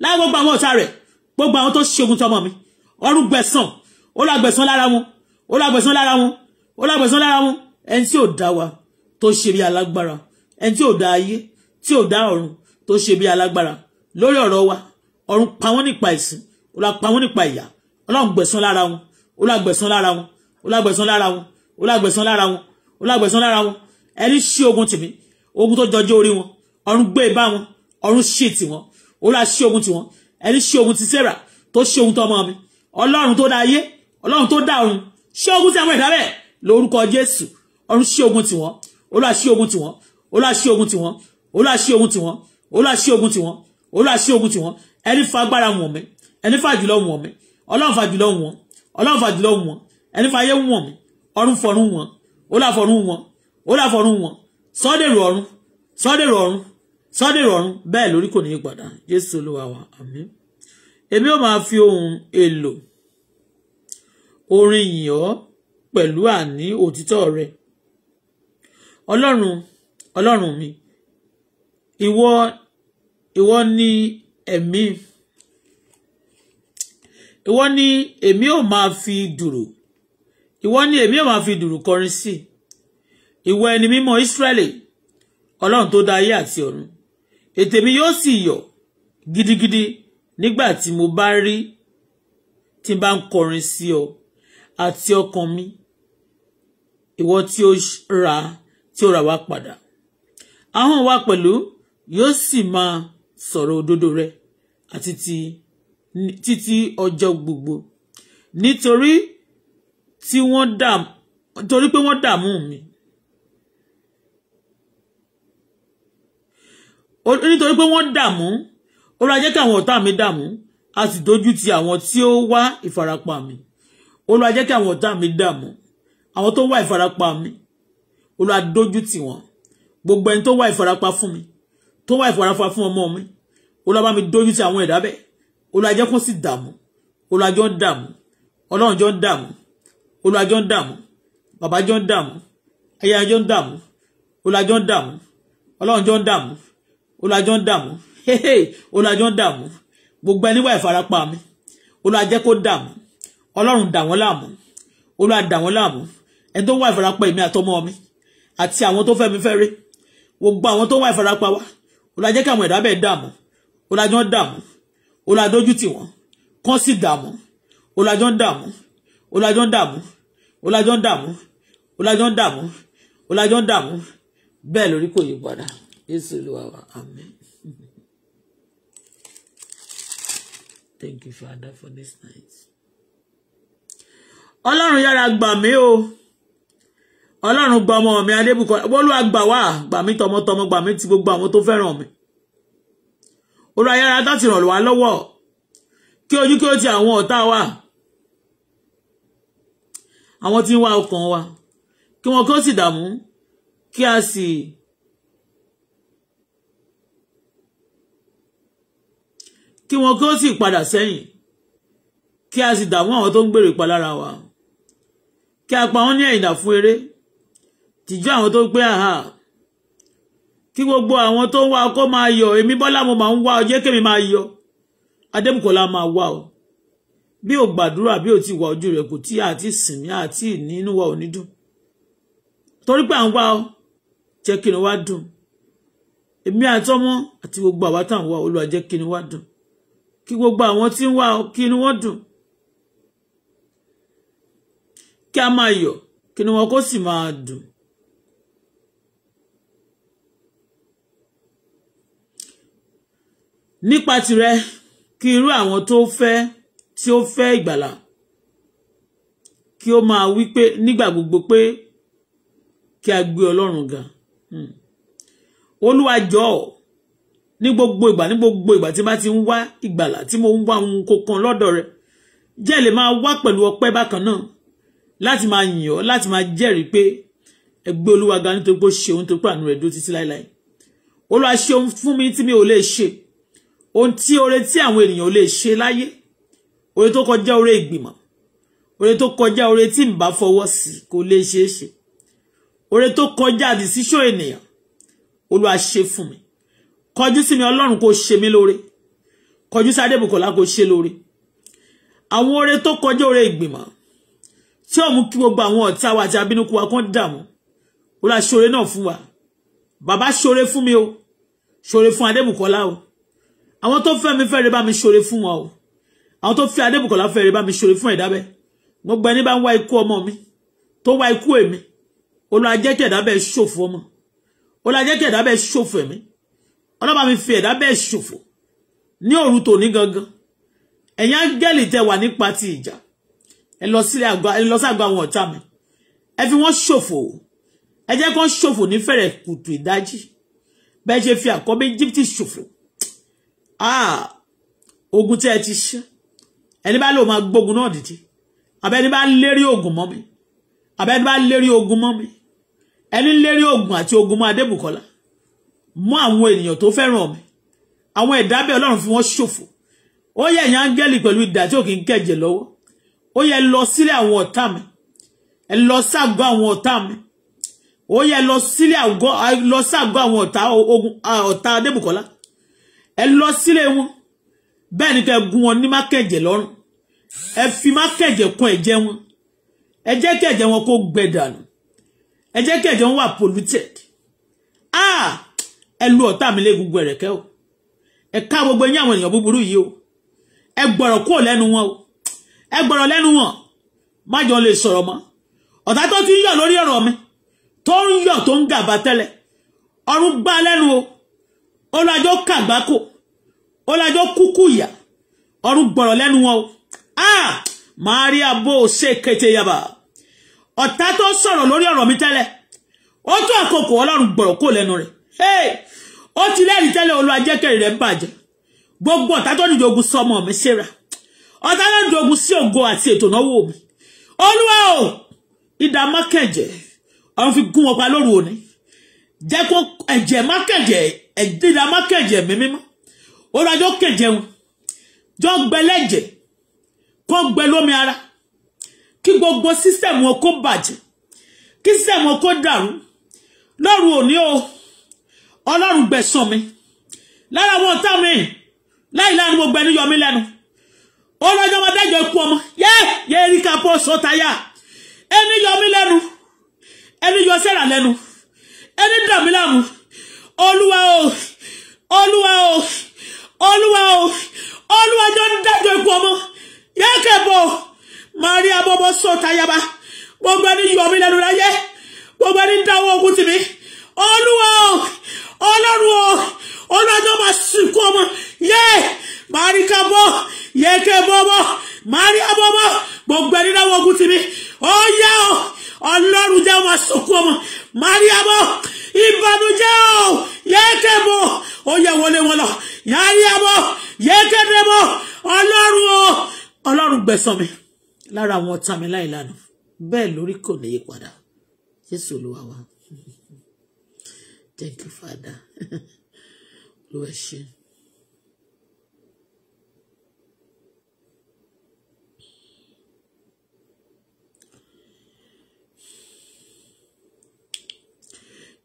láì gbogbo àwọn ọ̀tá rẹ̀ gbogbo àwọn tó ṣogun tọmọ mi ọrùn gbẹ̀san olúwa gbẹ̀san lára wọn olúwa gbẹ̀san lára wọn olúwa gbẹ̀san lára wọn ẹni tí ò dá wa tó ṣe bí alágbára ẹni tí ò dá ayé tí ò dá ọ̀run tó ṣe bí alágbára lórí ọ̀rọ̀ wa ọ̀run pa wọ́n nípa ìsìn olúwa pa nípa ìyà ọlọ́run gbẹ̀san lára wọn olúwa lára wọn ó lágbẹ̀san lára wọn ó lágbẹ̀san lára wọn ó lágbẹ̀san lára wọn ẹni ṣí ogun tìmí ogun tó jọjọ orí wọn ọ̀run gbé bá wọn ọ̀run ṣì tì wọn ó lá ṣí ogun tì wọn ẹni ṣí ogun ti Sẹ́rà tó ṣí ogun tọmọ mi ọlọ́run tó dá ayé ọlọ́run tó dá ọ̀run ṣí ogun sí àwọn ẹ̀dá bẹ́ẹ̀ lórúkọ Jésù ọ̀run ṣí ogun tì wọn ó lá ṣí ogun tì wọn ó lá ṣí ogun tì wọn ó lá ṣí ogun tì wọn ó lá ṣí ogun tì wọn ó lá ṣí ogun tì wọn ẹni fa agbára wọn mi ẹni fa jùlọ wọn mi ọlọ́run fa jùlọ wọn ọlọ́run fa jùlọ wọn ẹni fàyè ń wọ̀n mi ọ̀run fọ̀run wọn ó là fọ̀run wọn ó là fọ̀run wọn sọ́dẹ̀rù ọ̀run sọ́dẹ̀rù ọ̀run sọ́dẹ̀rù ọ̀run bẹ́ẹ̀ lórí kò ní í padà Jésù Olúwa wa àmín èmi ó máa fi ohun èlò orin yìn ọ́ pẹ̀lú àní òtítọ́ rẹ Ọlọ́run Ọlọ́run mi ìwọ ìwọ ni ẹ̀mí ìwọ ni èmi ó máa fi dúró ìwọ ni èmi ò máa fi dùrù kọrin sí ìwọ ẹni mímọ́ Ísírẹ́lì Ọlọ́run tó dá ayé àti ọ̀run ètè mi yóò sì yọ̀ gidigidi nígbà tí mo bá rí tí n bá ń kọrin sí ọ mi ìwọ tí ó ra tí ó ra wá padà ahọ́n wa pẹ̀lú yóò sì máa sọ̀rọ̀ òdodo rẹ àti ti títí ọjọ́ gbogbo nítorí tí wọ́n dààmú torí pé wọ́n dààmú mi nítorí pé wọ́n dààmú ó ra jẹ́ kí àwọn ọ̀tá mi dààmú a sì dojú ti àwọn tí ó wá ìfarapa mi ó ra jẹ́ kí àwọn ọ̀tá mi dààmú àwọn tó wá ìfarapa mi ó ra dojú ti wọn gbogbo ẹni tó wá ìfarapa fún mi tó wá ìfarapa fún ọmọ mi ó lọ bá mi dojú ti àwọn ẹ̀dá bẹ́ẹ̀ ó ra jẹ́ kó sì dààmú ó ra jọ dààmú ọlọ́run jọ dààmú olùwàjọ ń dààmú babajọ ń dààmú ayájọ ń dààmú olùwàjọ ń dààmú ọlọ́runjọ ń dààmú olùwàjọ ń dààmú olùwàjọ ń dààmú gbogbo ẹni wà ìfarapa mi olùwàjẹ kó dààmú ọlọ́run dà wọ́n láàmú olùwà dà wọ́n láàmú ẹni tó wà ìfarapa èmi àtọmọ mi àti àwọn tó fẹ́ mi fẹ́ rí gbogbo àwọn tó wà ìfarapa wa olùwàjẹ káwọn ẹ̀dá bẹ́ẹ̀ dààmú olùwàjọ ń dààmú olùwàdójú tì kán sì dààmú olùwàjọ ń dààmú olájọ́ ń dààmú olájọ́ ń dààmú olájọ́ ń dààmú olájọ́ ń dààmú bẹ́ẹ̀ lórí kò yí padà Jésù Olúwa wa amen. Thank you, Father, for this night. Ọlọ́run yára gbà mí o. Ọlọ́run gba ọmọ mi Adébùkọ́lá. Olúwa gbà wá gbà mí tọmọtọmọ gbà mí ti gbogbo àwọn tó fẹ́ràn mi. Olúwa yára láti ràn lọ́wọ́. Kí ojú kí ó ti àwọn ọ̀tá wa àwọn tí ń wá ọkàn wa kí wọn kó sì dààmú kí a sì kí wọn kó sì padà sẹ́yìn kí a sì dààmú àwọn tó ń gbèrò ìpalára wa kí a pa wọn ní ẹ̀yìndà fún eré tìjú àwọn tó pé àhà kí gbogbo àwọn tó ń wá ọkọ máa yọ̀ èmi Bọ́lá mo máa ń wá ọ kémi máa yọ̀ Adébùkọ́lá máa wá ọ bí o gbàdúrà bí o ti wà ojú rẹ kò tí àti sinmi àti nínú wa ò ní dùn torí pé à ń wá ọ jẹ́ kí ni wá dùn èmi àtọmọ àti gbogbo àwa tá à ń wá Olúwa jẹ́ kí ni wá dùn kí gbogbo àwọn tí ń wá ọ kí ni wọ́n dùn kí a máa yọ̀ kí ni wọn kó sì máa dùn nípa tirẹ̀ kí irú àwọn tó fẹ́ẹ́ tí ó fẹ́ ìgbàlà kí ó máa wí pé nígbà gbogbo pé kí a gbé ọlọ́run ga hmm. olúwa jọ̀ọ́ ní gbogbo ìgbà ní gbogbo ìgbà tí bá ti ń wá ìgbàlà tí mo ń wá ohun kankan lọ́dọ̀ rẹ jẹ́ lè máa wá pẹ̀lú ọpẹ́ bákan náà láti máa yìn ọ́ láti máa jẹ́rìí pé ẹ olúwa ga nítorí pé ó ṣe ohun tó pé àánú rẹ̀ dó títí láéláé olúwa ṣe ohun fún mi tí mi ò lè ṣe ohun tí oore tí àwọn ènìyàn ò lè ṣe láyé oore tó kọjá oore ìgbìmọ̀ oore tó kọjá oore tí n bá fọwọ́ sí kò lè ṣeé ṣe oore tó kọjá decision ènìyàn olúwa ṣe fún mi kọjú sí mi ọlọ́run kò ṣe mí lóore kọjú sí adébùkọ̀lá kò ṣe lóore àwọn oore tó kọjá oore ìgbìmọ̀ tí ó mú kí gbogbo àwọn ọ̀tá wa àti abínúkú wa kán dààmú olúwa ṣoore náà fún wa bàbá ṣoore fún mi o ṣoore fún adébùkọ́lá o àwọn tó fẹ́ mi fẹ́ẹ́ rí bá mi ṣoore fún wọn o àwọn tó fi adébùkọ̀lá fẹ́rẹ̀ bá mi ṣòro fún ẹ̀dá bẹ́ẹ̀ gbogbo ẹni bá ń wá ikú ọmọ mi tó wá ikú èmi olúwa jẹ́ kí ẹ̀dá bẹ́ẹ̀ ṣòfò ọmọ olúwa jẹ́ kí ẹ̀dá bẹ́ẹ̀ ṣòfò ẹ̀mí ọlọ́ba mi fi ẹ̀dá bẹ́ẹ̀ ṣòfò ní òru tòní gangan ẹ̀yin áńgẹ́lì tẹ wà nípa ti ìjà ẹ lọ sí àgọ́ àwọn ọ̀tá mi ẹ fi wọ́n ṣòfò ẹ jẹ́ kó ṣòfò ní fẹ̀rẹ̀ kùtù ìdájí bẹ́ẹ̀ ṣe fi àkọ́bí Íjíbítì ṣòfò ah, ogun tẹ́ ẹ ti ṣe ẹni bá lò máa gbógun náà dìtì àbẹ́ni bá lérí ogun mọ́ mi àbẹ́ni bá lérí ogun mọ́ mi ẹni lérí ogun àti ogun mọ́ Adébùkọ́lá mọ́ àwọn ènìyàn tó fẹ́ràn mi àwọn ẹ̀dá bẹ́ẹ̀ Ọlọ́run fi wọ́n ṣòfò ó yẹ ẹ̀yìn áńgẹ́lì pẹ̀lú idà tí ò kì í kẹ̀jẹ̀ lọ́wọ́ ó yẹ lọ sílé àwọn ọ̀tá mi ẹ lọ ságọ́ àwọn ọ̀tá mi ó yẹ lọ sílé lọ ságọ́ àwọn ọ̀tá Adébùkọ́lá ẹ lọ sílé wọn bẹ́ẹ̀ ni kẹ́ gún wọn ní mákẹ́jẹ̀ lọ́rùn ẹ fi mákẹ́jẹ̀ kún ẹ̀jẹ̀ wọn ẹ jẹ́ wọn kó gbẹ dànù ẹ jẹ́ wọn wà polluted ah ẹ lu ọ̀tá mi lé gbogbo ẹ̀rẹ̀kẹ́ o ẹ ká gbogbo yín àwọn èèyàn búburú yìí o ẹ gbọ̀rọ̀ kúrò lẹ́nu wọn o ẹ gbọ̀rọ̀ lẹ́nu wọn má jọ lè sọ̀rọ̀ mọ́ ọ̀tá tó ti ń yọ̀ lórí ọ̀rọ̀ mi tó ń yọ̀ tó ń gàba tẹ́lẹ̀ ọ̀run gbá lẹ́nu o ó lọ́jọ́ kàgbákò ó lájọ́ kúkú ìyà ọrùn gbọ̀rọ̀ lẹ́nu wọn o ah maria bó o ṣe kété yaba ọ̀tá tó sọ̀rọ̀ lórí ọ̀rọ̀ mi tẹ́lẹ̀ ó tó àkókò ọlọ́run gbọ̀rọ̀ kó lẹ́nu rẹ̀ ó ti lẹ́rìí tẹ́lẹ̀ olú ajẹ́kẹ̀rì rẹ̀ ń bàjẹ́ gbogbo ọ̀tá tó dìde ogun sọmọ mi síra ọ̀tá tó dìde ogun sí ògo àti ètò ìnáwó mi olúwa o ìdá mákẹ̀jẹ̀ ọ̀run fi gún wọn pa lóru òní jẹ́ kó ẹ̀jẹ̀ mákẹ̀jẹ̀ ẹ̀dínlá mákẹ̀jẹ̀ mímímọ́ ọ̀rọ̀ajọ́ kẹjẹun jọ gbẹlẹ́jẹ̀ kọ́ gbẹ lómi ara kí gbogbo sísẹ̀mù wọn bàjẹ́ kí sísẹ̀mù wọn dàrú lọ́rùn òní o ọlọ́run gbẹ̀sán mi lára wọn tá mi láì láàrin mo gbẹ níyọmí lẹ́nu ọlọ́jọ́ máa dájọ́ ikú ọmọ yẹ́ yẹ́ erika pọ̀ sọ́tayà ẹni yọmí lẹ́nu ẹni yọ sẹ́rà lẹ́nu ẹni dàmí láàmú olúwa o olúwa o olúwa o olúwa jọ ń dájọ́ ikú ọmọ yẹ́kẹ̀bọ̀ maria bọ́bọ́ sọ tayaba gbogbo ẹni yọ mí lẹ́nu láyé gbogbo ẹni dáwọ́ ogun tì mí olúwa o ọlọ́run o olùwàjọ́ máa sìnkú ọmọ yẹ́ maria bọ́ yẹ́kẹ̀bọ̀ bọ́ maria bọ́bọ́ gbogbo ẹni dáwọ́ ogun tì mí ó yá o ọlọ́run jẹ́ máa sìnkú ọmọ maria bọ́ ìbànújẹ́ o yẹ́kẹ́ mọ́ ó yẹ wọlé wọn lọ yáyà mọ́ yẹ́kẹ́ dẹ́ mọ́ ọlọ́run o ọlọ́run gbẹ̀sán mi lára àwọn ọ̀tá mi láìlànà bẹ́ẹ̀ lórí kò ní yí padà jésù olúwa thank you father olúwa ṣe.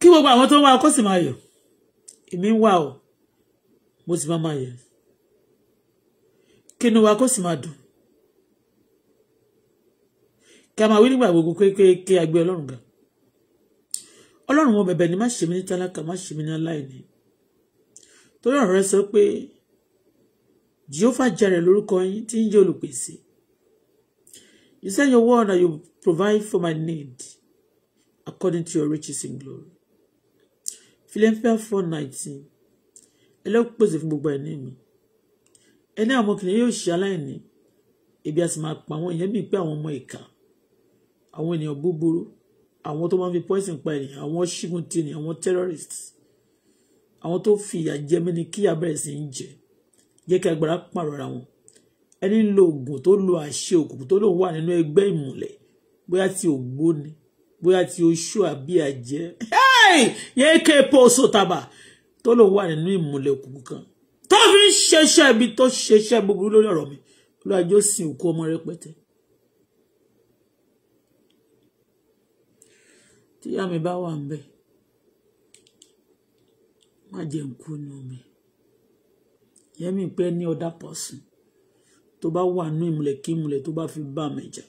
kí gbogbo àwọn tó ń wá ọkọ sì máa yọ èmi ń wà o mo sì máa máa yẹ kí inú wa kó sì máa dùn kí a máa wí nígbà gbogbo pé kí a gbé ọlọ́run ga ọlọ́run mo bẹ̀bẹ̀ ni má ṣe mí ní tálákà má ṣe mí ní aláìní torí ọ̀rọ̀ rẹ sọ pé jehovah jẹrẹ lórúkọ yín tí ń jẹ́ olùpèsè you send your word and you provide for my need according to your riches in glory Philippians four nineteen ẹlẹ́kùn pèsè fún gbogbo ẹni mi ẹni àwọn ọmọkùnrin yóò ṣe aláìní ebi a sì máa pa àwọn èèyàn bíi pé àwọn ọmọ ìka àwọn ènìyàn búburú àwọn tó máa ń fi poison pa ènìyàn àwọn ṣígun ti àwọn terrorist àwọn tó fi ìyà jẹ ni kí abẹ́rẹ́ sì ń jẹ jẹ́ kí agbára pààrọ̀ ra wọn ẹni lo oògùn tó lo àṣẹ òkùnkùn tó lòun wà nínú ẹgbẹ́ ìmùlẹ̀ bóyá ti ògbó bóyá ti oṣù àbí àjẹ́ ẹ́ Hey, yéèké poso taba tó lòun wà nínú ìmùlẹ̀ òkùnkùn kan tó fi ń ṣeṣẹ́ ibi tó ṣeṣẹ́ búburú lórí ọ̀rọ̀ mi olùwàjò sin òkú ọmọ rẹpẹtẹ. tíyá mi bá wà ń bẹ̀ má jẹ́ ń kú nù mí yẹn mi pẹ́ ní ọ̀dà pọ̀sùn tó bá wà nínú ìmùlẹ̀ kí ìmùlẹ̀ tó bá fi bá mi jà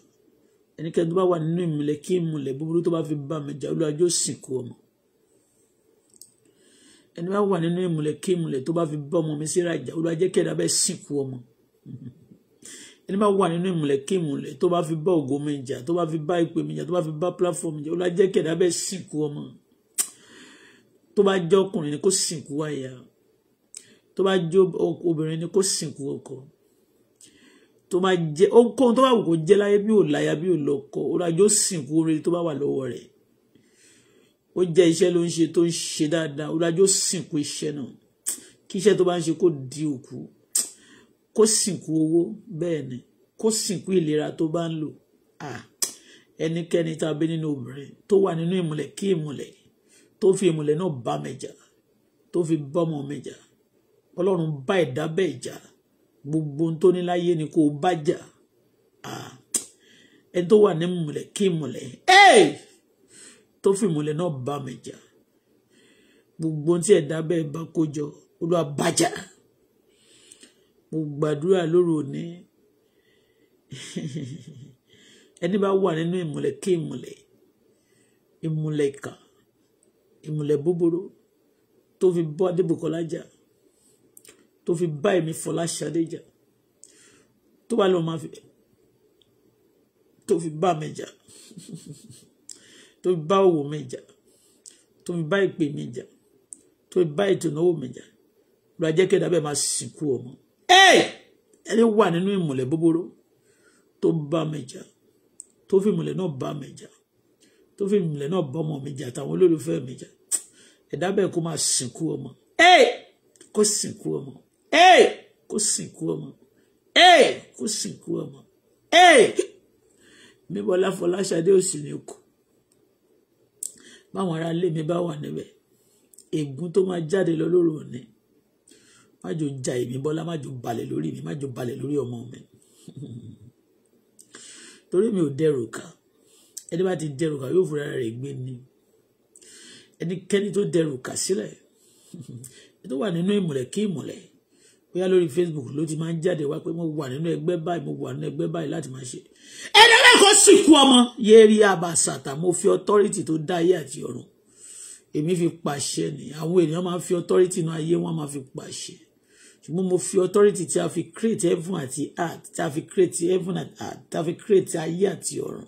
tó bá wà nínú ìmùlẹ̀ kí ìmùlẹ̀ búburú tó bá fi bá mi jà olùwàjò sìnkú ọmọ ẹni bá wà nínú ìmùlẹ̀ kí ìmùlẹ̀ tó bá fi bá ọmọ mi síra ìjà olúwa jẹ́ kí ẹ̀dá bẹ́ẹ̀ sìnkú ọmọ ẹni bá wà nínú ìmùlẹ̀ kí ìmùlẹ̀ tó bá fi bá ògo mi jà tó bá fi bá ìpè mi jà tó bá fi bá platform mi jà olúwa jẹ́ kí ẹ̀dá bẹ́ẹ̀ sìnkú ọmọ tó bá jẹ́ ọkùnrin ni kó sìnkú àyà tó bá jẹ́ obìnrin ni kó sìnkú ọkọ tó bá jẹ́ ohunkóhun tó bá wù kó jẹ́ láyé bí ò láyà bí ò lọ́kọ olúwa sìnkú oore tó bá wà lọ́wọ́ rẹ̀ ó jẹ́ iṣẹ́ ló ń ṣe tó ń ṣe dáadáa olùdájọ́ sìnkú iṣẹ́ náà kí iṣẹ́ tó bá ń ṣe kó di òkú kó sìnkú owó bẹ́ẹ̀ ni kó sìnkú ìlera tó bá ń lò ẹnikẹ́ni tàbí nínú obìnrin tó wà nínú ìmùlẹ̀ kí ìmùlẹ̀ tó fi ìmùlẹ̀ náà bá mẹ́jà tó fi bọ́mọ mẹ́jà ọlọ́run bá ẹ̀dá bẹ́ẹ̀ jà gbogbo ohun tó ní láyé ni kò bá jà ẹni tó wà ní ìmùlẹ̀ kí ìmùlẹ̀. Hey! tó fìmùlẹ̀ náà bá mi jà gbogbo tí ẹ̀dá bẹ́ẹ̀ bá kó jọ Olúwa bàjá mo gbàdúrà lóru òní ẹni bá wà nínú ìmùlẹ̀ kí ìmùlẹ̀ ìmùlẹ̀ ìkà ìmùlẹ̀ búburú tó fi bọ́ Adébùkọ́lá jà tó fi bá èmi Fọláṣadé jà tó bá lọ́ọ́ máa fi tó fi bá mi jà tó bá òwò mi jà tó bá ìpè mi jà tó bá ìtùnáwó mi jà lọ́wọ́ jẹ́ kí ẹ̀dábẹ́ máa sìnkú ọmọ ẹni wà nínú ìmùlẹ̀ búburú tó bá mi jà tó fi ìmùlẹ̀ náà bá mi jà tó fi ìmùlẹ̀ náà bá ọmọ mi jà àtàwọn olólùfẹ́ mi jà ẹ̀dábẹ́ kó máa sìnkú ọmọ kó sìnkú ọmọ kó sìnkú ọmọ kó sìnkú ọmọ mi Bọ́lá Fọláṣadé ò sì ní báwọn ará ilé mi bá wà níbẹ̀ ègún tó máa jáde lọ lóru òní má jò ja èmi bọ́lá má jò balẹ̀ lórí mi má jò balẹ̀ lórí ọmọ mi torí mi ò dẹrù ká ẹni bá ti dẹrù ká yóò fúnra rẹ̀ gbé ni ẹnikẹ́ni tó dẹrù ká sílẹ̀ tó wà nínú ìmùlẹ̀ kí ìmùlẹ̀ bóyá lórí Facebook ló ti máa ń jáde wá pé mo wà nínú ẹgbẹ́ báyìí mo wà nínú ẹgbẹ́ báyìí láti máa ṣe ẹnìyàn kò sìnkú ọmọ yéèrí àbàṣàtà mo fi authority tó dá ayé àti ọ̀run èmi fi pàṣẹ ni àwọn ènìyàn máa ń fi authority inú ayé wọn máa fi pàṣẹ ṣùgbọ́n mo fi authority tí a fi create heaven àti earth tí a fi create heaven àti earth tí a fi create ayé àti ọ̀run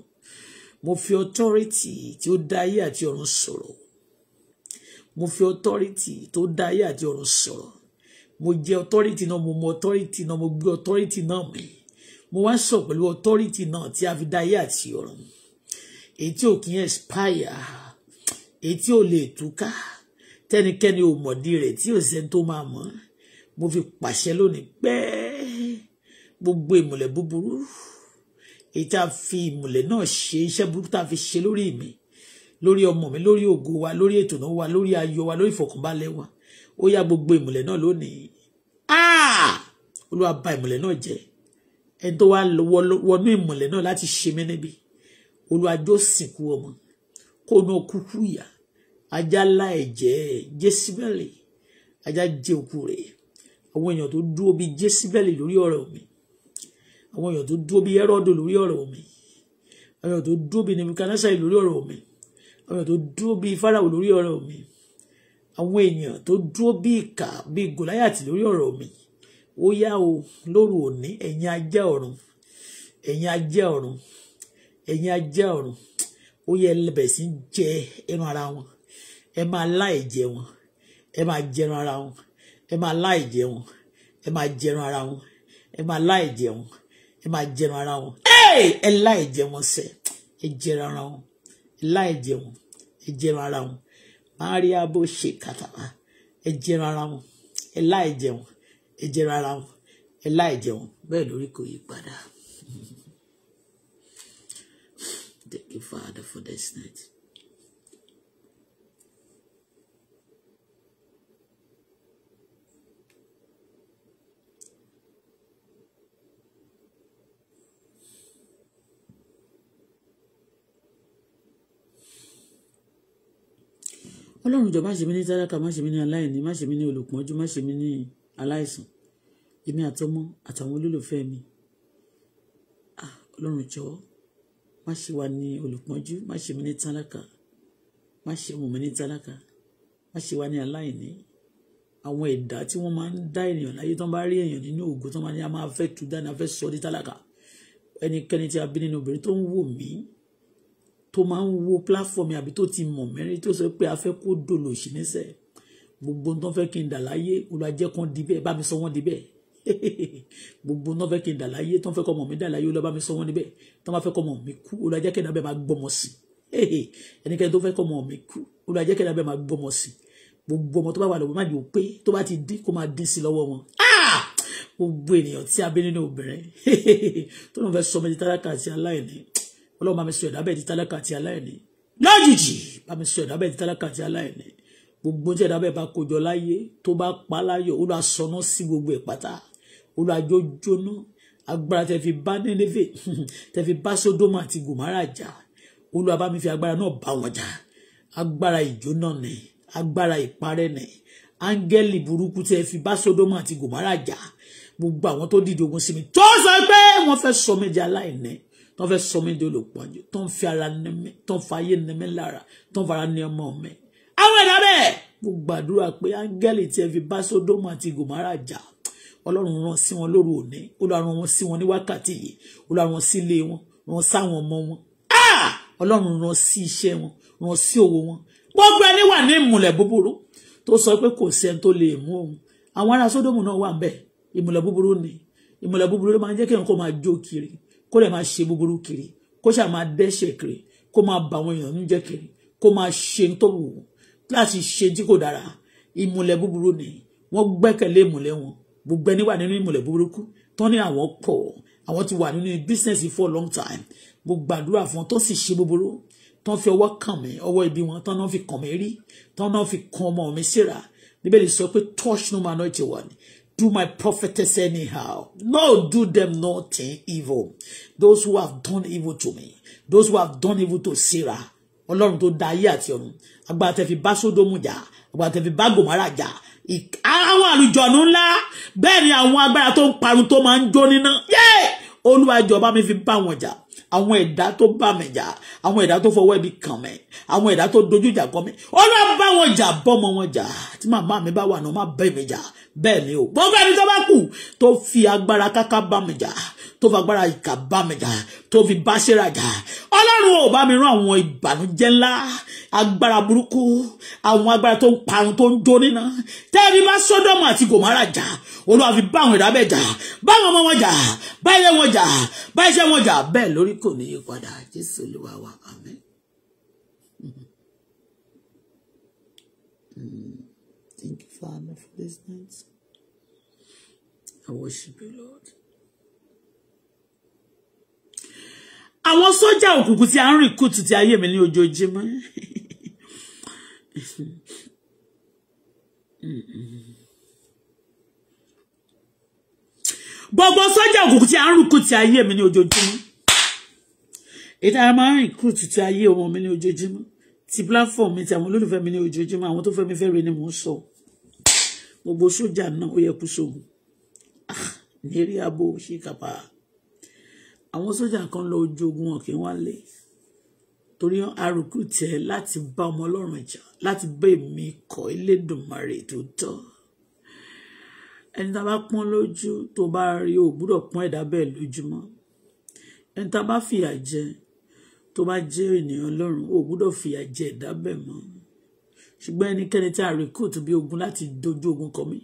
mo fi authority tí ó dá ayé àti ọ̀run authority tó dá ayé àti ọ̀run sọ̀rọ̀ mo jẹ authority náà mo mọ authority náà mo gbé authority náà mi mo wá sọ pẹ̀lú authority náà tí a fi dá ayé àti ọ̀run èyí tí ò kì í expire èyí tí ò lè túká tẹ́nikẹ́ni ò mọ̀dí rẹ̀ tí ò sẹ́ni tó máa mọ̀ mo fi pàṣẹ lónìí pẹ́ẹ́ gbogbo ìmùlẹ̀ búburú èyí tá a fi ìmùlẹ̀ náà ṣe iṣẹ́ burúkú tá a fi ṣe lórí mi lórí ọmọ mi lórí ògo wa lórí ètò náà wa lórí ayọ̀ wa lórí ìfọ̀kànbalẹ̀ wa ó yá gbogbo ìmùlẹ̀ náà lónìí ah! olúwa bà ìmùlẹ̀ náà jẹ́ ẹni tó wá wọnú ìmùlẹ̀ náà láti ṣe mí níbi olúwa jó sìnkú ọmọ kó ná kúkú ìyá ajá lá ẹ̀jẹ̀ jésìbẹ́lì ajá jẹ òkú rẹ̀ àwọn èèyàn tó dúró bíi jésìbẹ́lì lórí ọ̀rọ̀ mi àwọn èèyàn tó dúró bíi ẹrọ́dọ̀ lórí ọ̀rọ̀ mi àwọn èèyàn tó dúró bíi nebukadnasari lórí ọ̀rọ̀ mi àwọn èèyàn tó dúró bíi fáráwò lórí ọ̀rọ̀ mi àwọn èèyàn tó dúró bí ìkà bí gòláyàtì lórí ọ̀rọ̀ mi ó yá o lóru òní ẹ̀yin ajá ọ̀run ẹ̀yin ajá ọ̀run ẹ̀yin ajá ọ̀run ó yẹ ẹlẹ́bẹ̀ sí ń jẹ ẹran ara wọn ẹ máa láì jẹ wọn ẹ máa jẹran ara wọn ẹ máa láì jẹ wọn ẹ máa jẹran ara wọn ẹ máa láì jẹ wọn ẹ máa jẹran ara wọn ẹ láì jẹ wọn sẹ ẹ jẹran ara wọn ẹ láì jẹ wọn ẹ jẹran ara wọn maria bó ṣe kàtàkà ẹ jẹra ara wọn ẹ láì jẹun ẹ jẹra wọn ẹ láì jẹun bẹ́ẹ̀ lórí kò yí padà. Thank you, Father, for this night. ọlọ́run jọ má ṣe mí ní tálákà má ṣe mí ní aláìní má ṣe mí ní olùpọ́njú má ṣe mí ní aláìsàn èmi àtọmọ àtàwọn olólùfẹ́ mi ọlọ́run jọ má ṣe wá ní olùpọ́njú má ṣe mí ní tálákà má ṣe mú mi ní tálákà má ṣe wá ní aláìní àwọn ẹ̀dá tí wọ́n máa ń dá ènìyàn láyé tó bá rí èèyàn nínú ògo tó máa ní a máa fẹ́ tu dáná a fẹ́ sọ ní tálákà ẹnikẹ́ni tí a bí nínú obìnrin tó ń wò mí tó máa ń wo platform àbí tó ti mọ̀ mẹ́rin tó sọ pé a fẹ́ kó dòlò sí nísẹ̀ gbogbo tó fẹ́ kí n dà láyé olùwàjẹ́ kan di bẹ́ẹ̀ bá mi sọ wọ́n di bẹ́ẹ̀ gbogbo tó fẹ́ kí n dà láyé tó fẹ́ kọ́ mọ̀ mi dà láyé olùwà bá mi sọ wọ́n di bẹ́ẹ̀ tó máa fẹ́ kọ́ mọ̀ mi kú olùwàjẹ́ kẹ́dà bẹ́ẹ̀ máa gbọ́mọ sí ẹnikẹ́ni tó fẹ́ kọ́ mọ̀ mi kú olùwàjẹ́ kẹ́dà bẹ́ẹ̀ máa gbọ́mọ sí gbogbo ọmọ tó bá wà lọ́wọ́ má yóò pé tó bá ti dín kó máa dín sí lọ́wọ́ wọn ah! gbogbo ènìyàn tí a bí nínú obìnrin tó lóun fẹ́ sọ mẹ́tẹ́tàlákà àti aláìní ọlọ́run bá mi sọ ẹ̀dá bẹ́ẹ̀ di tálákà àti aláìní lójijì bá mi sọ ẹ̀dá bẹ́ẹ̀ di tálákà àti aláìní gbogbo tí ẹ̀dá bẹ́ẹ̀ bá kójọ láyé tó bá pa láyọ̀ ó lọ sọnà sí gbogbo ẹ̀ pátá ó lọ àjọ jóná agbára tẹ fi bá Nénéfè tẹ fi bá Sódómù àti Gòmárà jà ó lọ bá mi fi agbára náà bá wọn jà agbára ìjóná ni agbára ìparẹ́ ni áńgẹ́lì burúkú tẹ fi bá Sódómù àti Gòmárà gbogbo àwọn tó dìde ogun sí tó sọ pé wọ́n fẹ́ sọ méjì aláìní tó fẹ́ sọ mí di olùpọ̀jù tó ń fi ara nẹmí tó ń fa ayé nẹmí lára tó ń fara ní ọmọ mi. àwọn ẹ̀dá bẹ́ẹ̀ mo gbàdúrà pé áńgẹ́lì tí ẹ fi bá Sódómù àti Gòmárà jà ọlọ́run rán sí wọn lóru òní olùrànwọ́n wọn sí wọn ní wákàtí yìí olùrànwọ́n sí ilé wọn rán sáwọn ọmọ wọn ah! ọlọ́run rán sí iṣẹ́ wọn rán sí owó wọn gbogbo ẹni wà ní ìmùlẹ̀ búburú tó sọ pé kò sẹ́ni tó lè mú òun àwọn ará Sódómù náà wà ń bẹ̀ ìmùlẹ̀ búburú ni ìmùlẹ̀ búburú ló máa ń jẹ́ kí nǹkan máa jó kiri kó lè máa ṣe búburú kiri kó ṣáà máa dẹ́ṣẹ̀ kiri kó máa bà àwọn èèyàn jẹ́ kiri kó máa ṣe tó wù ú láti ṣe tí kò dára ìmùlẹ̀ búburú ni wọ́n gbẹ́kẹ̀lé ìmùlẹ̀ wọn gbogbo ẹni wà nínú ìmùlẹ̀ burúkú tán ní àwọn pọ̀ àwọn ti wà nínú business for a long time gbogbo àdúrà fún tó sì ṣe búburú tán fi ọwọ́ kàn mí ọwọ́ ibi wọn tán náà fi kàn mí rí tán náà fi kàn ọmọ mi síra níbẹ̀ lè sọ pé touch no man not the one do my prophetess anyhow. No, do them nothing evil. Those who have done evil to me, those who have done evil to Sarah, Ọlọ́run tó da ayé àti ọ̀run, agbára tẹ́ fi bá Sódómù jà, agbára tẹ́ fi bá Gòmárà jà, àwọn àlùjọ̀nù ńlá, bẹ́ẹ̀ ni àwọn agbára tó ń parun tó máa ń jó níná. Olúwa jọ̀ọ́ bá mi fi bá wọn jà àwọn ẹ̀dá tó bá mi jà àwọn ẹ̀dá tó fọwọ́ ibi kàn mí àwọn ẹ̀dá tó dojú ìjà kọ mí ọlọ́run bá wọn jà bọ́mọ wọn jà tí màmá mi bá wà náà má bẹ́ mi jà bẹ́ẹ̀ ni o gbogbo ẹni tó bá kù tó fi agbára káká bá mi jà tó fi agbára ìkà bá mi jà tó fi bá ṣẹ́ra jà ọlọ́run ò bá mi rán àwọn ìbànújẹ́ ńlá agbára burúkú àwọn agbára tó ń parun tó ń jó nínà tẹ́ẹ̀bí bá sódọ́mù àti gòmárà jà olúwa fi bá àwọn ẹ̀dá bẹ́ẹ̀ jà bá àwọn ọmọ wọn jà bá ilé wọn jà bá iṣẹ́ wọn jà bẹ́ẹ̀ lórí kò ní í padà jésù olúwa wa àmín. Hmm. Thank you, Father, for this night. I worship you, Lord. Àwọn sójà òkùnkùn tí a ń rìn kùtù tí ayé mi ní ojoojúmọ́. Mm-mm. Hmm. gbogbo sọ́jà òkùnkùn tí a ń rúkùn ti ayé mi ní ojoojúmọ́ èyí tá a máa ń rìkúrù ti ayé ọmọ mi ní ojoojúmọ́ ti platform mi ti àwọn olólùfẹ́ mi ní ojoojúmọ́ àwọn tó fẹ́ mi fẹ́ re ni mò ń sọ gbogbo sójà náà ó yẹ kú sóhun ah, nírí abo ṣìkàpá àwọn sójà kan lọ ojú ogun ọ̀kìn wálé torí arùkù tẹ láti bá ọmọ ọlọ́run jà láti bá èmi kọ́ Elédùmarè tó tọ́ ẹni tá a bá pọ́n lójú tó bá rí o gbúdọ̀ pọ́n ẹ̀dá bẹ́ẹ̀ lójúmọ́ ẹni tá a bá fìyà jẹ tó bá jẹ́ ènìyàn ọlọ́run o gbúdọ̀ fìyà jẹ ẹ̀dá bẹ́ẹ̀ mọ́ ṣùgbọ́n ẹnikẹ́ni tí a recruit bí ogun láti dojú ogun kọ mi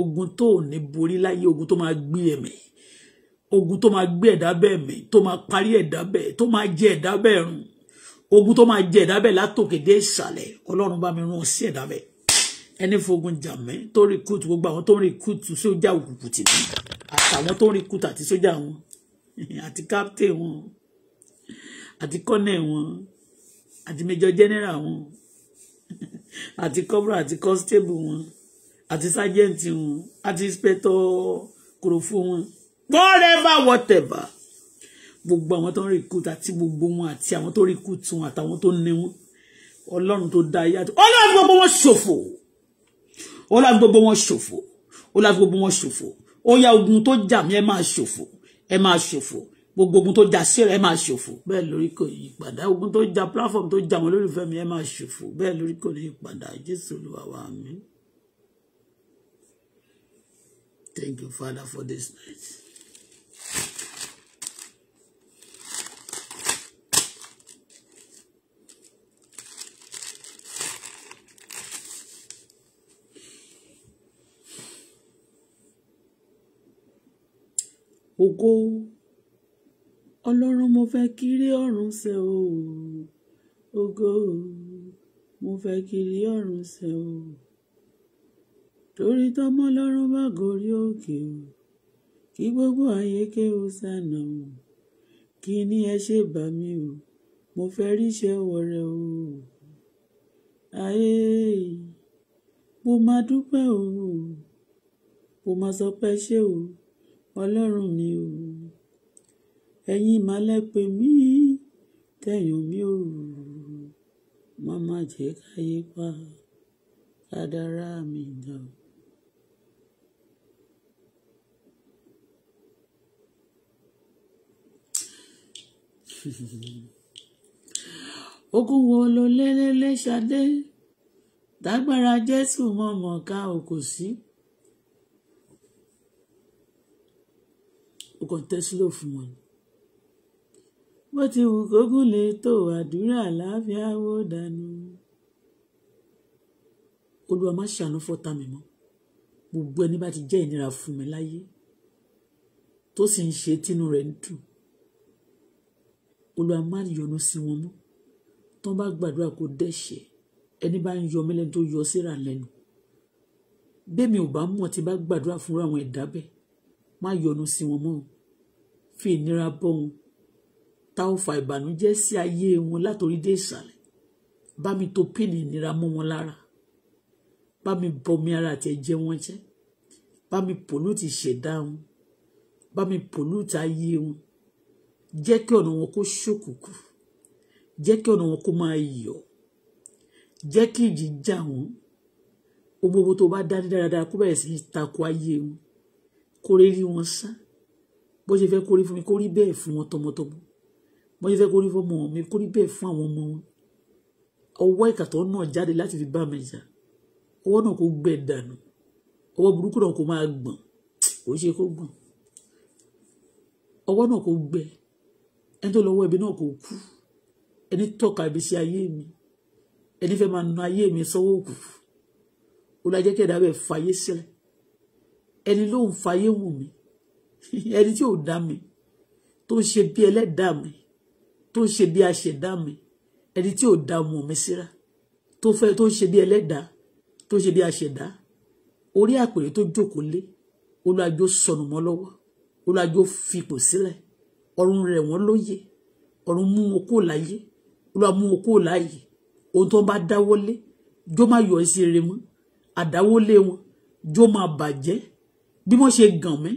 ogun tó ò ní borí láyé ogun tó máa gbé ẹ̀mí ogun tó máa gbé ẹ̀dá bẹ́ẹ̀ mí tó máa parí ẹ̀dá bẹ́ẹ̀ tó máa jẹ ẹ̀dá bẹ́ẹ̀ run ogun tó máa jẹ ẹ̀dá bẹ́ẹ̀ látòkè dé ìsàlẹ̀ ọlọ́run bá mi rún ọ sí ẹ̀dá bẹ́ẹ̀ ẹni fogun jà mí tó recruit gbogbo àwọn tó recruit sójà òkùnkùn tì mí àtàwọn tó recruit àti sójà wọn àti captain wọn àti colonel wọn àti major general wọn àti cobra àti constable wọn àti sergeant wọn àti inspector kòròfó wọn whatever whatever gbogbo àwọn tó ń recruit àti gbogbo wọn àti àwọn tó recruit wọn àtàwọn tó ní wọn ọlọ́run tó dá ayé ọlọ́run gbogbo wọn ṣòfò ó láfi gbogbo wọn ṣòfò ó láfi gbogbo wọn ṣòfò ó yá ogun tó jà mí ẹ máa ṣòfò ẹ máa ṣòfò gbogbo ogun tó jà sí rẹ máa ṣòfò bẹ́ẹ̀ lórí kò yí padà ogun tó jà platform tó jà wọn lólùfẹ́ mi ẹ máa ṣòfò bẹ́ẹ̀ lórí kò yí padà jésù olúwa mi. Thank you, Father, for this night. ògo ọlọ́run mo fẹ́ kiri ọ̀run ṣe o ògo mo fẹ́ kiri ọ̀run ṣe o torí tọmọ ọlọ́run bá gorí òkè o kí gbogbo ayé ké o sànà o kí ni ẹ ṣe bá mi o mo fẹ́ ríṣẹ́ wọ̀rẹ́ o ayé mo máa dúpẹ́ o mo máa sọ pé ṣé o. Ọlọ́run mi o, ẹ̀yin ìmọ́lẹ̀ pè tẹ̀yìn mi o, má má jẹ́ káyé pa, kádàrá mi dà o. Ogun wo lo lé lé lé Ṣadé? Tágbára Jésù mọ̀mọ́ ká o sí. Si. kàn tẹ́ sílò fún wọn. bó ti wù kógún lè tó àdúrà àlàáfíà wò dànù. olúwa má ṣàánú fọ́tá mi mọ́ gbogbo ẹni bá ti jẹ́ ìnira fún mi láyé tó sì ń ṣe tínú rẹ̀ ń dùn olúwa má yọ́nú sí wọn mọ́ tó bá gbàdúrà kó dẹ́ṣẹ̀ ẹni bá ń yọ mí lẹ́nu tó yọ síra lẹ́nu bẹ́ẹ̀ mi ò bá mọ̀ tí bá gbàdúrà fúnra àwọn ẹ̀dá bẹ́ẹ̀ má yọ́nú sí wọn mọ́ o fi ìnira bọ́hun tá ò fa ìbànújẹ́ sí ayé wọn látòrí dé ìsàlẹ̀ bá mi tó pín ìnira mọ́ wọn lára bá mi bọmi ara àti ẹ̀jẹ̀ wọn jẹ́ bá mi pòlúùtì ṣẹ̀dá wọn bá mi pòlúùtì ayé wọn jẹ́ kí ọ̀nà wọn kó ṣókùnkùn jẹ́ kí ọ̀nà wọn kó máa yọ̀ jẹ́ kí ìjì jà wọ́n gbogbo tó bá dání dáradára kó bẹ̀rẹ̀ sí takò ayé wọn kó rí rí wọn sá bó ṣe fẹ́ kórí fún mi kó rí bẹ́ẹ̀ fún wọn tọmọtọmọ bó ṣe fẹ́ kórí fún ọmọ mi kó rí bẹ́ẹ̀ fún àwọn ọmọ wọn ọwọ́ ìkàtọ́ náà jáde láti fi bá mi jà ọwọ́ náà kó gbẹ dànù ọwọ́ burúkú náà kó máa gbọ̀n kò ṣe kó gbọ̀n ọwọ́ náà kó gbẹ ẹni tó lọ́wọ́ ibi náà kò kú ẹni tọ́ka ibi sí ayé mi ẹni fẹ́ máa na ayé mi sọ́wọ́ òkú ó lajẹ́ fàyè sílẹ̀ ẹni ló fàyè wù mí ẹni tí ò dá mi tó ń ṣe bí ẹlẹ́dàá mi tó ń ṣe bí aṣẹ̀dá mi ẹni tí ò dá ọmọ mi síra tó fẹ́ tó ń ṣe bí ẹlẹ́dàá tó ń ṣe bí aṣẹ̀dá orí àpèrè tó jókòó lé olùwàjò sọnù mọ́ lọ́wọ́ olùwàjò fipò sílẹ̀ ọ̀run rẹ̀ wọ́n lóye ọ̀run mú wọn kó láyé olùwà mú wọn kó láyé ohun tó bá dáwọ́ lé jó máa yọ sí rere mọ́ àdáwọ́lé wọn jó máa bàjẹ́ bí wọ́n ṣe gàn mí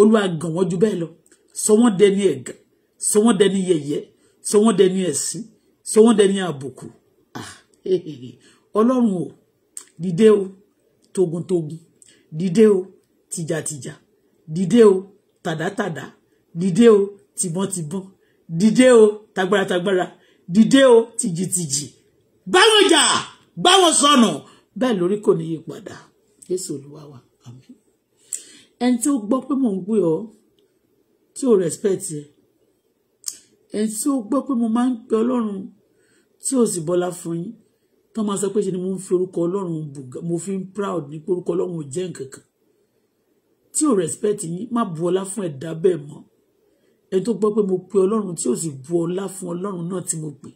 olúwa gàn wọ́n ju bẹ́ẹ̀ lọ sọ wọ́n dẹni ẹ̀gàn sọ wọ́n dẹni yẹ̀yẹ́ sọ wọ́n dẹni ẹ̀sín sọ wọ́n dẹni àbùkù ah, ọlọ́run o dìde o togun-togun dìde o tìjàtìjà dìde o tàdátàdá dìde o tìbọn-tìbọn dìde o tagbára-tagbára dìde o tìjìtìjì báwọn jà báwọn sọnù bẹ́ẹ̀ lórí kò ní yí padà Olúwa wa àmín ẹni tí ó gbọ́ pé mò ń gbé ọ tí ò respect ẹ ẹni tí ó gbọ́ pé mo máa ń pe ọlọ́run tí ò sì bọ́lá fún yín tó máa sọ pé ṣe ni mo ń fi orúkọ ọlọ́run mo fi ń proud ní pé orúkọ ọlọ́run ò jẹ́ nǹkan kan tí ò respect yín má bu ọlá fún ẹ̀dá bẹ́ẹ̀ mọ́ ẹni tó gbọ́ pé mo pe ọlọ́run tí ò sì bu ọlá fún ọlọ́run náà tí mo pè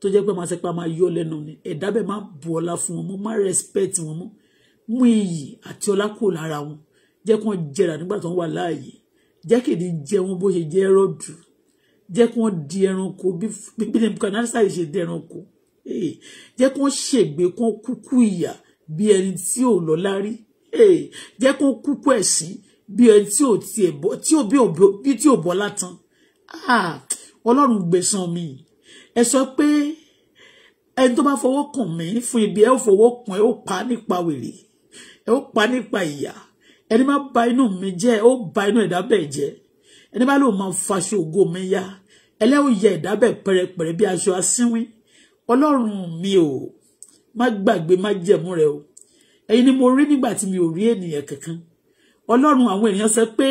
tó jẹ́ pé máa ṣe máa yọ lẹ́nu ni ẹ̀dá bẹ́ẹ̀ má bu ọlá fún wọn mọ́ má respect wọn mọ́ mú iyì àti ọlá kúrò lára wọn jẹ́ kí wọ́n jẹrà nígbà tó ń wà láàyè jẹ́ kìdí jẹ wọn bó ṣe jẹ ẹrọdù jẹ́ kí wọ́n di ẹranko bí bíbélì kanásà yìí ṣe di ẹranko jẹ́ kí wọ́n ṣègbè kí wọ́n kúkú ìyà bí ẹni tí ò lọ́lá rí jẹ́ kí wọ́n kúkú ẹ̀sín bí ẹni tí ò tiẹ̀ bọ́ tí ò bí tí ò bọ́ látàn ah, ọlọ́run gbẹ̀san mi ẹ sọ pé ẹni tó bá fọwọ́ kàn mí fún ibi ẹ ó fọwọ́ kàn ẹ ó pa nípa wèrè ẹ ó pa nípa ìyà ẹni má ba inú mi jẹ́ ó ba inú ẹ̀dá bẹ́ẹ̀ jẹ́ ẹni bá lóun máa faṣọ ògo mi ya ẹlẹ́wọ̀n yẹ ẹ̀dá bẹ́ẹ̀ pẹ̀rẹ̀pẹ̀rẹ̀ bí aṣọ asínwín ọlọ́run mi ò má gbàgbé má jẹ̀mú rẹ o ẹ̀yin ni mo rí nígbà tí mi ò rí ènìyàn kankan ọlọ́run àwọn èèyàn sọ pé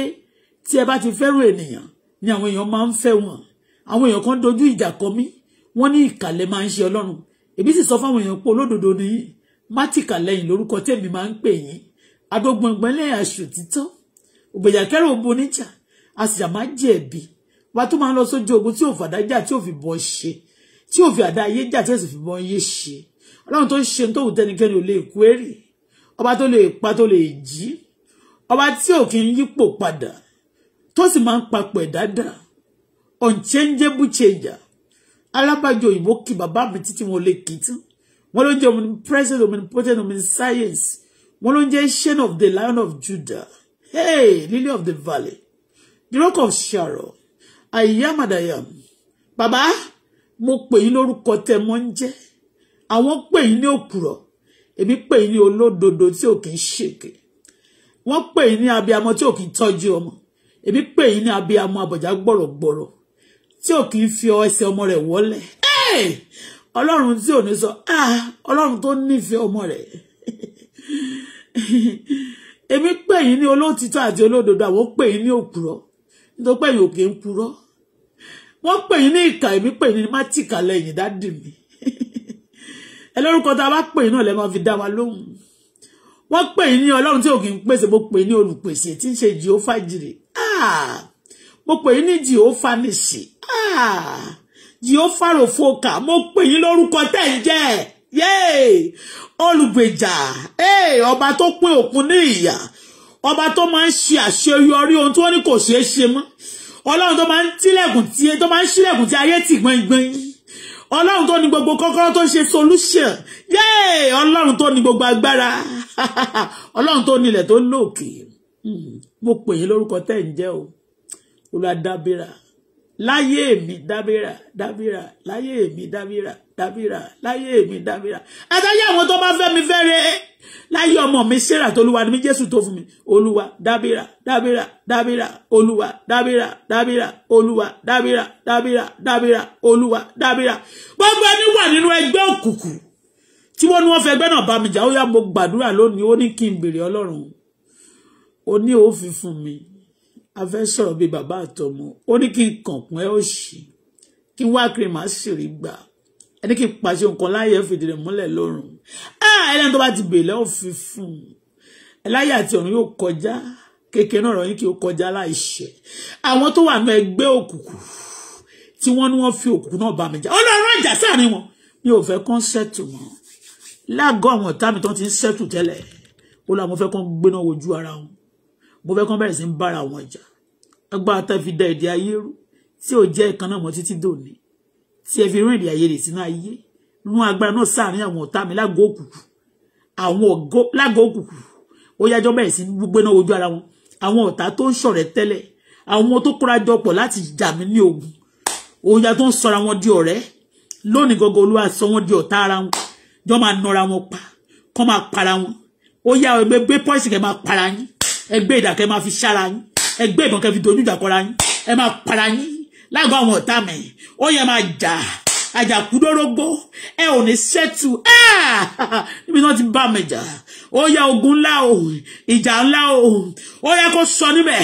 tí ẹ bá ti fẹ́ràn ènìyàn ni àwọn èèyàn máa ń fẹ́ wọn àwọn èèyàn kan dojú ìjà kọ mí wọ́n ní ìkàlẹ̀ máa ń ṣe ọlọ́run èmi sì sọ fáwọn èèyàn pé olódodo ni yín má lórúkọ tèmi máa ń pè yín agbógbọ̀ngbọ̀n lẹ́yìn aṣọ títọ́ ògbèjà kẹ́rù òbu oníjà a sì àmá jẹ̀bi wa tó máa ń lọ sójú ogun tí ò fàdá jà tí ò fi bọ́ ṣe tí ò fi àdá ayé jà tí ò sì fi bọ́ yé ṣe ọlọ́run tó ń ṣe tó wù tẹnikẹ́ni ò lè kú èrè ọba tó lè pa tó lè jí ọba tí ò kì í yípo padà tó sì máa ń papọ̀ ẹ̀ dáadáa unchangeable changer alábàjọ òyìnbó kí bàbá mi títí mo lè kí tán wọn ló jẹ omnipresent omnipotent omniscience wọ́n ló ń jẹ́ shade of the lion of Judah hey lily of the valley the rock of Sharon I am and I am bàbá mo pè yín lórúkọ tẹ mọ ń jẹ́ àwọn pè yín ní òpùrọ́ èmi pè yín ní olódodo tí ò kì í ṣèké wọ́n pè yín ní abiyamọ tí ò kì í tọ́jú ọmọ èmi pè yín ní abiyamọ àbọ̀já gbọ̀rọ̀gbọ̀rọ̀ tí ò kì í fi ẹsẹ̀ ọmọ rẹ̀ wọlé ọlọ́run tí ò ní sọ ah! ọlọ́run tó nífẹ̀ẹ́ ọmọ rẹ̀ èmi pè yín ní olóòtítọ́ àti olódodo àwọn pè yín ní òpùrọ́ nítorí pé yín ò kì í purọ́ wọ́n pè yín ní ìkà èmi pè yín ní mátìkà lẹ́yìn dádì mi ẹ lórúkọ tá a bá pè yín náà lẹ́ máa fi dá wa lóhùn wọ́n pè yín ní ọlọ́run tí ò kì í pèsè mo pè ní olùpèsè tí ń ṣe jìhófà jìrè ah! mo pè yín ní jìhófà nìṣì jìhófà ròfò kà mo pè yín lórúkọ tẹ̀ ń jẹ́ ẹ̀ yéè olùgbèjà ọba tó pín òkun ní ìyà ọba tó máa ń ṣe àṣeyọrí ohun tí wọ́n ní kò ṣeé ṣe mọ́ ọlọ́run tó máa ń tilẹ̀kùn tí tó máa ń ṣílẹ̀kùn tí ayé tì gbẹngbẹng ọlọ́run tó ní gbogbo kọ́kọ́rọ́ tó ṣe solution yéè ọlọ́run tó ní gbogbo agbára ọlọ́run tó nílẹ̀ tó lóòkè hmm, mo pè yín lórúkọ tẹ́ ń jẹ́ o olùwàdàbíra láyé mi dábíra dábíra láyé mi dábíra dábìrà láyé mi dábìrà àtàyé àwọn tó bá fẹ́ mi fẹ́rẹ̀ láyé ọmọ mi ṣẹ́ra tolúwa ni mi jésù tó fún mi olúwa dábìrà dábìrà dábìrà olúwa dábìrà dábìrà olúwa dábìrà dábìrà dábìrà olúwa dábìrà gbogbo ẹni wà nínú ẹgbẹ́ òkùnkùn tí wọ́n ní wọ́n fẹ́ ẹgbẹ́ náà bá mi jà ó yá mo gbàdúrà lónìí ó ní kí n béèrè ọlọ́run ó ní òfin fún mi a fẹ́ sọ̀rọ̀ bíi bàbá àtọmọ ó ní kí n kànkún ẹ ó kí n wá sì rí gbà ẹni kí n pàṣẹ nǹkan láyé fìdí rẹ̀ múlẹ̀ lọ́rùn ah, ẹlẹ́ni tó bá ti bèèlẹ́ òfin fún ẹláyé àti ọ̀run yóò kọjá kékeré náà rọyìn kí ó kọjá láìṣẹ àwọn tó wà nù ẹgbẹ́ òkùnkùn tí wọ́n ní wọ́n fi òkùnkùn náà bá mi jà ọlọ́run ọjà sáàrin wọn mi ò fẹ́ kán ṣẹ̀tù mọ́ láàgọ́ àwọn ọ̀tá mi tán ti ń ṣẹ̀tù tẹ́lẹ̀ ó lọ àwọn fẹ́ kán gbéná wojú ara wọn mo fẹ́ kán bẹ̀rẹ̀ sí ń bára wọn jà agbára tá fi da èdè ayé rú tí ò jẹ́ ìkan náà mọ́ títí dòní Si ẹ fi rán ìrìn àyè rè sínú ayé rún agbára náà sáàrin àwọn ọ̀tá mi lágọ̀ọ́ òkùnkùn àwọn ọ̀gọ́ lágọ̀ọ́ òkùnkùn ó yájọ́ bẹ̀rẹ̀ sí gbígbé náà ojú ara wọn àwọn ọ̀tá tó ń ṣọ̀rẹ́ tẹ́lẹ̀ àwọn tó kóra jọ pọ̀ láti ogun òòyà tó ń sọra wọn di ọ̀rẹ́ lónìí gọ́gọ́ olúwa sọ wọn di ọ̀tá ara wọn jọ máa nọra wọn pa kọ́ máa para wọn ó yá ẹgbẹ́ gbé pọ́ìsì kẹ́ máa para yín ẹgbẹ́ ìdà kẹ́ máa fi ṣára yín ẹgbẹ́ ìbọn kẹ́ fi dojú ìjà kọra yín ẹ máa para yín lágọ̀ọ́ àwọn ọ̀tá mi ó yẹ máa jà àjàkúdórógbó ẹ ò ní ṣẹ́tù ah! níbi náà ti bá mi jà ó yẹ ogun ńlá o ìjà ńlá o ó yẹ kó sọ níbẹ̀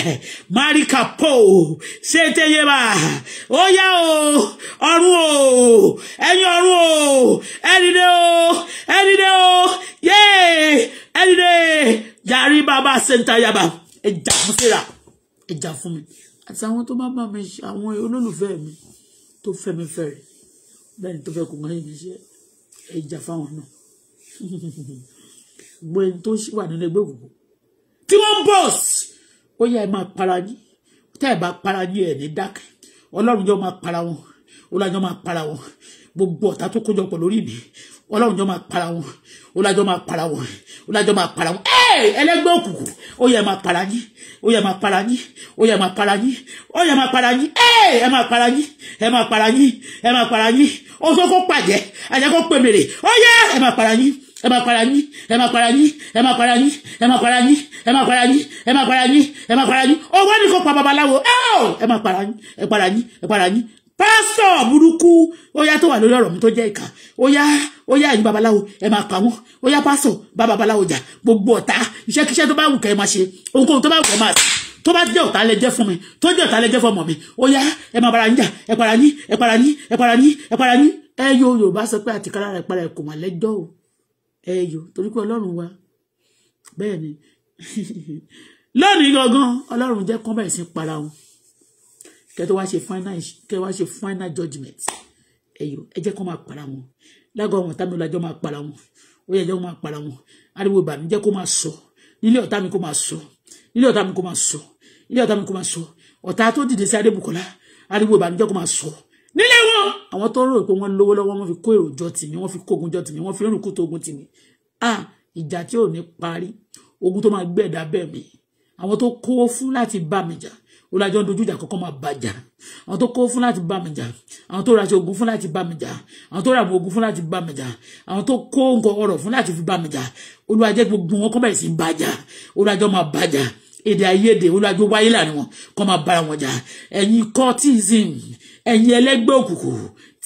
máríkà pò ṣé téye bá ó yẹ o ọ̀run o ẹ̀yin ọ̀run o ẹ̀dìdẹ o ẹ̀dìdẹ o yéè ẹ̀dìdẹ jàrí bàbá ṣe ń ta yaba ẹ̀jà fún síra ẹ̀jà fún mi àti àwọn tó bá bá mi àwọn olólùfẹ́ mi tó fẹ́ mi fẹ́rẹ̀ bẹ́ẹ̀ ni tó fẹ́ kó gáyé mi ṣe ẹja fáwọn náà gbogbo ẹni tó wà nínú ẹgbẹ́ òkùnkùn tí wọ́n bọ́s ó yẹ ẹ máa para yín tẹ́ ẹ bá para yín ẹ̀ ní dákẹ́ ọlọ́run yóò máa para wọn ọlọ́run yóò máa para wọn gbogbo ọ̀tá tó kójọpọ̀ lórí mi ọlọ́run jọ máa para wọn ọlájọ máa para wọn ọlájọ máa para wọn ẹ́ẹ̀ ẹlẹ́gbẹ́ òkùnkùn ó yẹ máa para yín ó yẹ máa para yín ó yẹ máa para yín ó yẹ máa para yín ẹ́ẹ̀ ẹ máa para yín ẹ máa para yín ẹ máa para yín ó tó kó pàjẹ́ àjẹ́ kó pèmèrè ó yẹ ẹ máa para yín ẹ máa para yín ẹ máa para yín ẹ máa para yín ẹ máa para yín ẹ máa para yín ẹ máa para yín ẹ máa para yín owó ni kò pa babaláwo ẹ máa para yín ẹ para yín ẹ para yín pásítọ̀ burúkú ó yá tó wà lórí ọ̀rọ̀ mi tó jẹ́ ìkà ó yá ó yá ẹ̀yin babaláwo ẹ máa pa wọ́n ó yá pásítọ̀ bá babaláwo jà gbogbo ọ̀tá iṣẹ́kíṣẹ́ tó bá wù kẹ́ ẹ máa ṣe ohunkóhun tó bá wù kẹ́ ẹ máa ṣe tó bá jẹ́ ọ̀tá lẹ́jẹ́ fún mi tó jẹ́ ọ̀tá lẹ́jẹ́ fún ọmọ mi ó ẹ máa bára yín ẹ para yín ẹ para yín ẹ para yín ẹ para yín ẹ yo yorùbá sọ pé àtìkára rẹ para ẹ kò mà lẹ́jọ́ o ẹ yo torí pé ọlọ́run wa bẹ́ẹ̀ ni lónìí gangan ọlọ́run jẹ́ kán bẹ̀rẹ̀ sí para wọn kẹtọ wá ṣe final kẹtọ wá ṣe final judgement ẹyọ ẹ jẹ́ kó máa para wọn lágọ àwọn ọ̀tá mi lọjọ máa para wọn ó yẹ jẹ́ kó máa para wọn ariwo ìbànújẹ́ kó máa sọ nílé ọ̀tá mi kó máa sọ nílé ọ̀tá mi kó máa sọ nílé ọ̀tá mi kó máa sọ ọ̀tá tó dìde sí adébùkọ́lá ariwo ìbànújẹ́ kó máa sọ nílé wọn àwọn tó rò pé wọ́n lówó lọ́wọ́ wọ́n fi kó èròjọ tì mí wọ́n fi kógun jọ tì mí wọ́n fi rìnkú tógun tì mí ah ìjà tí ò ní parí ogun tó máa gbẹ̀dá bẹ̀ mí àwọn tó kówó fún láti bá mi jà olájọ́ dojú ìjà kọ́kọ́ máa bàjà àwọn tó kó fún láti bá mi jà àwọn tó raṣọ ogun fún láti bá mi jà àwọn tó ràbọ̀ ogun fún láti bá mi jà àwọn tó kó nǹkan ọ̀rọ̀ fún láti fi bá mi jà olùwàjẹ́ gbogbo wọn kọ́ bẹ̀rẹ̀ sí bàjà olájọ́ máa bàjà èdè àìyedè olùwàjọ́ wáyé láàrin wọn kọ́ máa bára wọn jà ẹ̀yin kọ́ tíìsìn ẹ̀yin ẹlẹ́gbẹ́ òkùnkùn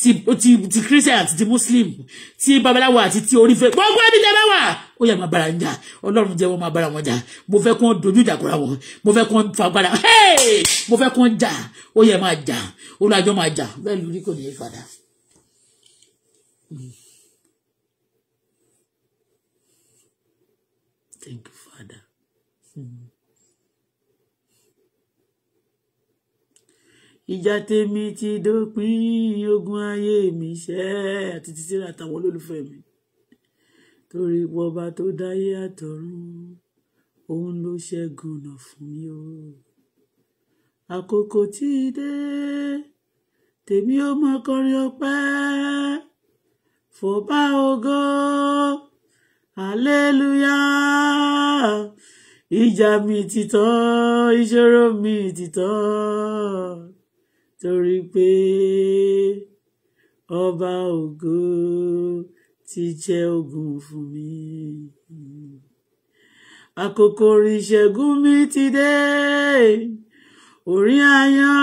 ti ti ti christian àti ti muslim ti babaláwo àti ti orífẹ gbogbo ẹbí tẹ bá wà ó yẹ máa bára ń jà ọlọ́run jẹ́ wọ́n máa bára wọn jà mo fẹ́ kó dojú ìjà kóra wọn mo fẹ́ kó fagbára mo fẹ́ kó jà ó yẹ máa jà olùwàjọ máa jà bẹ́ẹ̀ lórí kò ní í padà. Mm. ìjà tèmi ti dópin ogun ayé mi ṣẹ́ àti títí àtàwọn olólùfẹ́ mi torí bọba tó dáyé àtọ̀run òun ló ṣẹ́gun ọ̀nà fún mi o àkókò tí ì dé tèmi ó mọ kọrin ọpẹ́ fọba ògo hallelujah ìjà mi ti tán ìṣòro mi ti tán torí pé ọba ògo ti jẹ́ ogun fún mi. Àkókò ìṣẹ́gun mi ti dé, orin ayan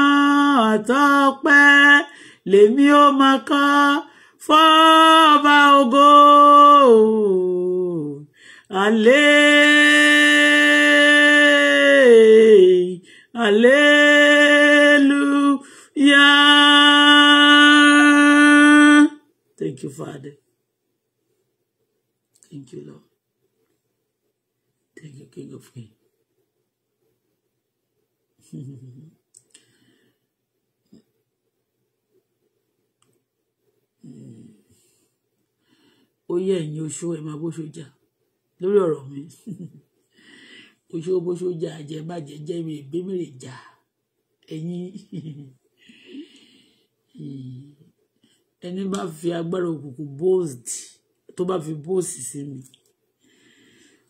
àtọ́pẹ́ lèmi ó máa kọ fọ́ọ̀bà ògo. Àlè, àlè. Thank you, Father. Thank you, Lord. Thank you, King of Kings. ó yẹ ẹ̀yin oṣó ẹ máa bóṣó jà lórí ọ̀rọ̀ mi oṣó bóṣó jà jẹ bàjẹ jẹ mi ìbémèrè jà ẹ̀yin. ẹni bá fi agbára òkùnkùn bóòsì tó bá fi bóòsì sí mi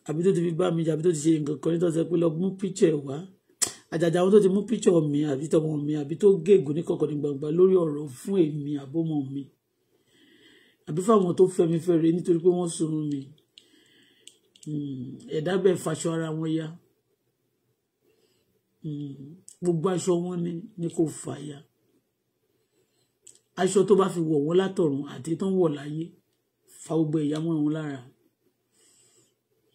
àbí tó ti fi bá mi jà àbí tó ti ṣe nǹkan kan nítorí pé lọ mú píchọ ẹ wá àjàjà àwọn tó ti mú píchọ mi àbí tọmọ mi àbí tó gègùn ní kọ̀kọ̀ ní gbangba lórí ọ̀rọ̀ fún èmi àbọmọ mi àbí fáwọn tó fẹ́ mi nítorí pé wọ́n sunrun mi hmm, ẹ̀dá bẹ́ẹ̀ faṣọ ara wọn ya hmm, gbogbo aṣọ wọn ni ni kò ya aṣọ tó bá fi wọ̀ wọ́n látọ̀run àti tó ń wọ̀ láyé fa gbogbo ìyà mọ́ wọn lára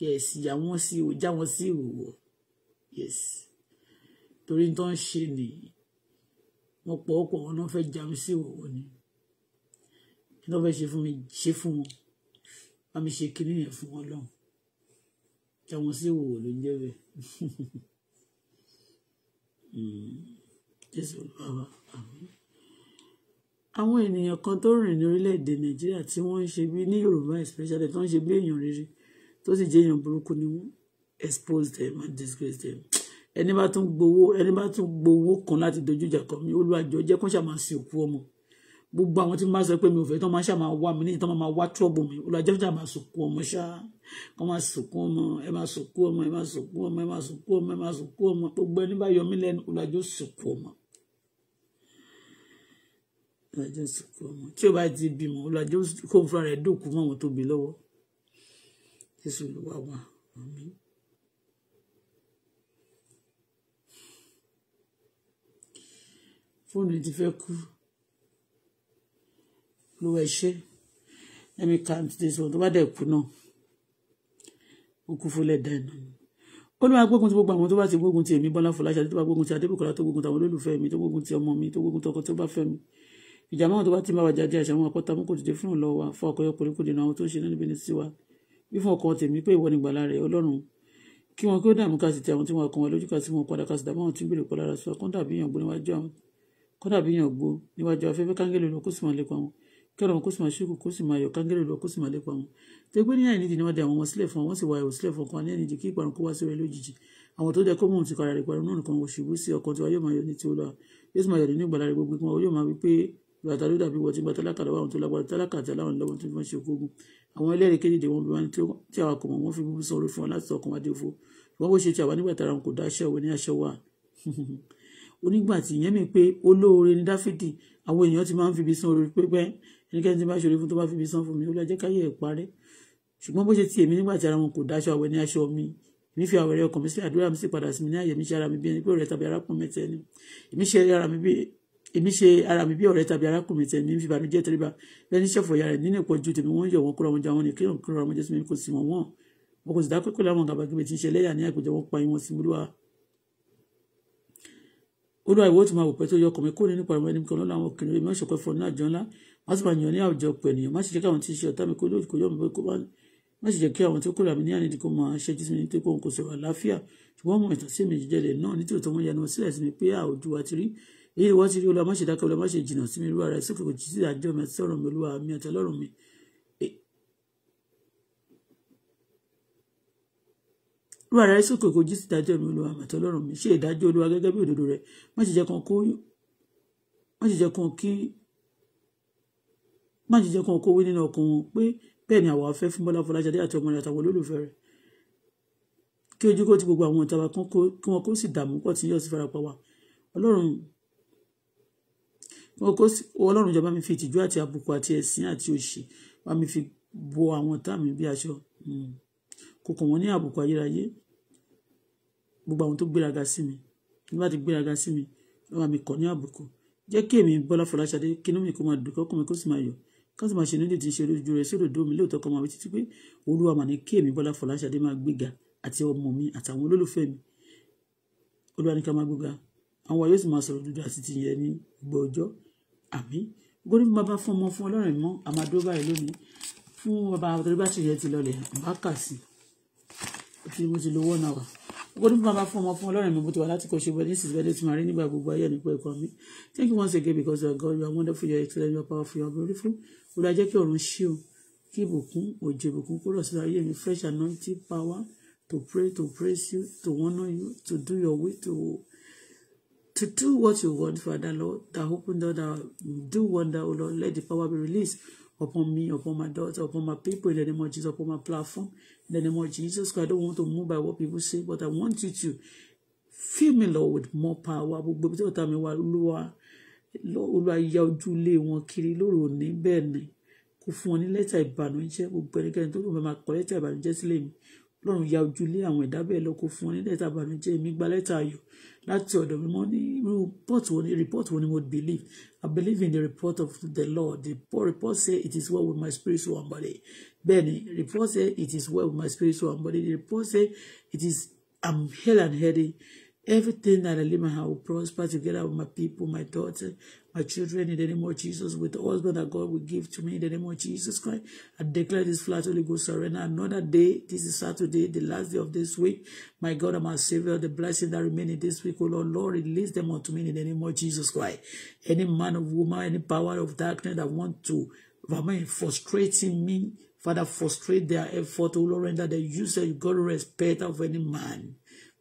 yes ìyà wọn sí o já wọn sí ìwòwò yes torí tó ń ṣe nìyí wọn pọ̀ ọ̀pọ̀ wọn náà fẹ́ já mi sí ìwòwò ni kí ló fẹ́ ṣe fún mi ṣe fún wọn bá mi ṣe kinní yẹn fún wọn lọ́hùn já wọn sí ìwòwò ló ń jẹ́ bẹ́ẹ̀ hmm. jésù bàbá àmín àwọn ènìyàn kan tó rìn ní orílẹ̀-èdè nàìjíríà tí wọ́n ń ṣe bí ní yorùbá especially tó ń ṣe bí èèyàn rere tó sì jẹ́ èèyàn burúkú ni wọ́n expose them and disgrace them ẹni bá tún gbowó ẹni bá tún gbowó kan láti dojú ìjà kan mi olùwàjọ jẹ́ kó ṣàmà sí òkú ọmọ gbogbo àwọn tí mo bá sọ pé mi ò fẹ́ tán máa ṣàmà wá mi níyì tán máa wá trọ́bù mi olùwàjọ ṣàmà sòkú ọmọ ṣá kán máa sòkú ọmọ ẹ máa sòkú ọmọ ẹ máa sòkú ọmọ ẹ máa sòkú ọmọ ẹ máa sòkú ọmọ lọ́jọ́ sùkú ọmọ tí ó bá ti bímọ lọ́jọ́ kó fúnra rẹ̀ dòkú mọ́ àwọn tó bí lọ́wọ́ jésù ló wà wà àmín. fóònù ti fẹ́ kú ló wá ṣe let me count this one tó bá dẹ̀ kú náà ó kú fúnlẹ̀ dáná ó ní wàá gbógun ti gbogbo àwọn tó bá ti gbógun ti èmi Bọ́lá Fọláṣadé tó bá gbógun ti Adébùkọ́lá tó gbógun ti àwọn olólùfẹ́ mi tó gbógun ti ọmọ mi tó gbógun ti ọkọ tó bá fẹ́ mi ìjà máwọn tó bá ti máa wàjà dé àṣà àwọn akọta mú kò dìde fún ọlọ wa fún ọkọ ẹkọ dènà àwọn tó ń ṣe náà níbi ní tiwa bí fún ọkọ tèmi pé ìwọ ni gbàlà rẹ Ọlọ́run kí wọn kí ó dààmú ká sì ti àwọn tí wọn kàn wọn lójú ká sì wọn padà ká sì dààmú àwọn tí ń bèrè pọ lára sọ kọ́ dàbí yàn gbó níwájú àwọn kọ́ dàbí yàn gbó níwájú afẹ́fẹ́ kángẹ́lì lọ kó sì máa lépa wọn kẹ́rọ̀ kó sì máa ṣíkù kó sì máa yọ kángẹ́lì lọ kó sì máa lépa wọn tẹgbẹ́ níyà ìnídìí ni wọ́n dẹ àwọn wọn sílẹ̀ fún wọn sì wá ẹ̀wọ̀ sílẹ̀ fún ọkàn ní kí ìparun kó wá sí rẹ lójijì àwọn tó jẹ́ kó mú ti kara rẹ̀ parun náà nìkan òṣìbú sí ọkàn tiwa yóò máa yọ ní ti olúwa yóò sì máa yọ nínú ìgbàlá rẹ̀ gbogbo wọn yóò máa wí pé bàtà ló dàbí wọtí bàtà lákàlà wà wọn tó lágbára tálákà àti aláwọn lọ́wọ́ tó fọ́n ṣe ogógún àwọn ẹlẹ́rìí kéde wọn bí wọn tí àwọn kò mọ̀ wọ́n fi búbú sọ orí fún wọn láti ọkàn wá òfo wọn bó ṣe ti àwa nígbà tára kò dá aṣọ wọn ní aṣọ wa onígbà tí ìyẹn mi pé olóore ni dáfídì àwọn èèyàn ti máa ń fibi san orí pépẹ ẹnikẹ́ni tí bá ṣòro fún tó bá fibi san mi ó lọ jẹ́ káyé ẹ̀ parẹ́ ṣùgbọ́n bó ṣe ti èmi nígbà tí ara ọkàn mi sí àdúrà mi sì padà sí mi ní àyè mi ṣe ara mi bí ẹni pé ọ̀rẹ́ tàbí arákùnrin mẹ́tẹ́ èmi ṣe ara mi bí èmi ṣe ara mi bí ọ̀rẹ́ tàbí arákùnrin tẹ̀mí ń fi ìbànújẹ́ tẹríba lẹ́ni ṣẹ̀fọ̀ ìyá rẹ̀ nínú ìpọ̀jù tèmi wọ́n ń yọ̀ kúrò àwọn ọjà wọn ni kí wọ́n kúrò àwọn ọjà tèmi kò sí wọn wọ́n wọn kò sì dá pípẹ́ láwọn gàbàgbé tí ń ṣe lẹ́yà ní àgbèjọ wọn pa ìwọ̀n sí olúwa olúwa ìwọ tó máa wò pẹ́ tó yọ ọkọ̀ mi kó nínú pàrọ̀ ẹni kan lọ́la àwọn òkèrè mi máa ṣọ̀pẹ́ fún àjọ ńlá má sì máa yàn ní àwùjọ pẹ̀ ènìyàn má sì jẹ́ kí àwọn èyí wọ́n ti rí olúwa má ṣe dákẹ́ olúwa má ṣe jìnnà sí mi olúwa rẹ̀ sófin kò jí sí àjọ mi àti ọ̀rọ̀ mi olúwa mi àti ọlọ́run mi. E- olúwa rẹ̀ sófin kò jí sí àjọ mi olúwa àti ọlọ́run mi ṣe ìdájọ́ olúwa gẹ́gẹ́ bí òdodo rẹ̀ má ṣe jẹ́ kan kí má ṣe jẹ́ kan kó nínú ọkàn wọn pé bẹ́ẹ̀ ni àwa fẹ́ fún Bọ́lá Fọláṣadé àti ọmọ rẹ̀ àtàwọn olólùfẹ́ rẹ̀ kí ojú kó ti gbogbo àwọn ìtawà kan kí wọn kó sì dààmú pọ̀ tí yóò sì farapa wa ọlọ́run mo kó sí ọlọ́run ìjọba mi fi ìtìjú àti àbùkù àti ẹ̀sín àti òṣì bá mi fi bo àwọn tá mi bí aṣọ hmm, kò kàn wọ́n ní àbùkù ayérayé gbogbo àwọn tó gbéraga sí mi nígbà tí gbéraga sí mi wọ́n bá mi kọ̀ ní àbùkù jẹ́ kí èmi Bọ́lá Fọláṣadé kínú mi kó máa dùn kọ́kùn mi kó sì máa yọ̀ ká sì máa ṣe nílé tí ń ṣe olójú rẹ̀ sí òdòdó mi lóòótọ́ kan máa títí pé olúwa mà ní kí èmi Bọ́lá Fọláṣadé máa gbéga àti ọmọ mi àtàwọn olólùfẹ́ mi olúwa ní ká máa gbéga àwọn yóò sì máa sọ̀rọ̀ dúdú àti tìyẹn ní gbogbo ọjọ́ àmì gbórí bàbá fún ọmọ fún ọlọ́run mọ́ àmàdó báyìí lónìí fún bàbá àtọ́rí bá tìyẹn ti lọlẹ̀ bá kà sí fi mo ti lo one hour gbórí bàbá fún ọmọ fún ọlọ́run mi mo ti wà láti kọ́ ṣe wọlé sísè bẹ́ẹ̀ tí màá rí nígbà gbogbo ayé nípa ẹ̀kọ́ mi thank you once again because of uh, God you are wonderful you are excellent you are powerful you are beautiful olú ajẹ́ kí ọ̀run ṣí o kí ìbùkún òjò ìbùkún kúrò sí ayé mi fresh anointing power to pray to praise you to honour you to do your will to to do what you want, Father Lord, that open door, that do wonder, oh Lord, let the power be released upon me, upon my daughter, upon my people, in the name of Jesus, upon my platform, in the name of Jesus, because I don't want to move by what people say, but I want you to fill me, Lord, with more power. Gbogbo ibi tí ojú ilé wọn kiri lóru òní bẹ́ẹ̀ ni, kò fún wọn ní lẹ́tà ìbànújẹ́, gbogbo ẹnikẹ́ni tó lóun máa kọ lẹ́tà ìbànújẹ́ sílé mi, lọ́run ya ojúlé àwọn ẹ̀dá bẹ́ẹ̀ lọ́kọ̀ fún ọ ní lẹ́tà ìbànújẹ́ mi gba lẹ́tà ayọ̀ láti ọ̀dọ̀ mi mo ní report wo ni report wo ni mo believe I believe in the report of the Lord the report say it is well with my spirit soul and body bẹ́ẹ̀ ni report say it is well with my spirit soul and body the report say it is I'm healed and healthy Everything that I leave my hand will prosper together with my people, my daughter, my children, in the name of Jesus, with the husband that God will give to me, in the name of Jesus Christ. I declare this flat Holy Ghost surrender. Another day, this is Saturday, the last day of this week. My God and my Savior, the blessing that remain in this week, O oh Lord, Lord, release them unto me in the name of Jesus Christ. Any man or woman, any power of darkness that want to, I mean, frustrating me, Father, frustrate their effort, O oh Lord, render the use, God, respect of any man.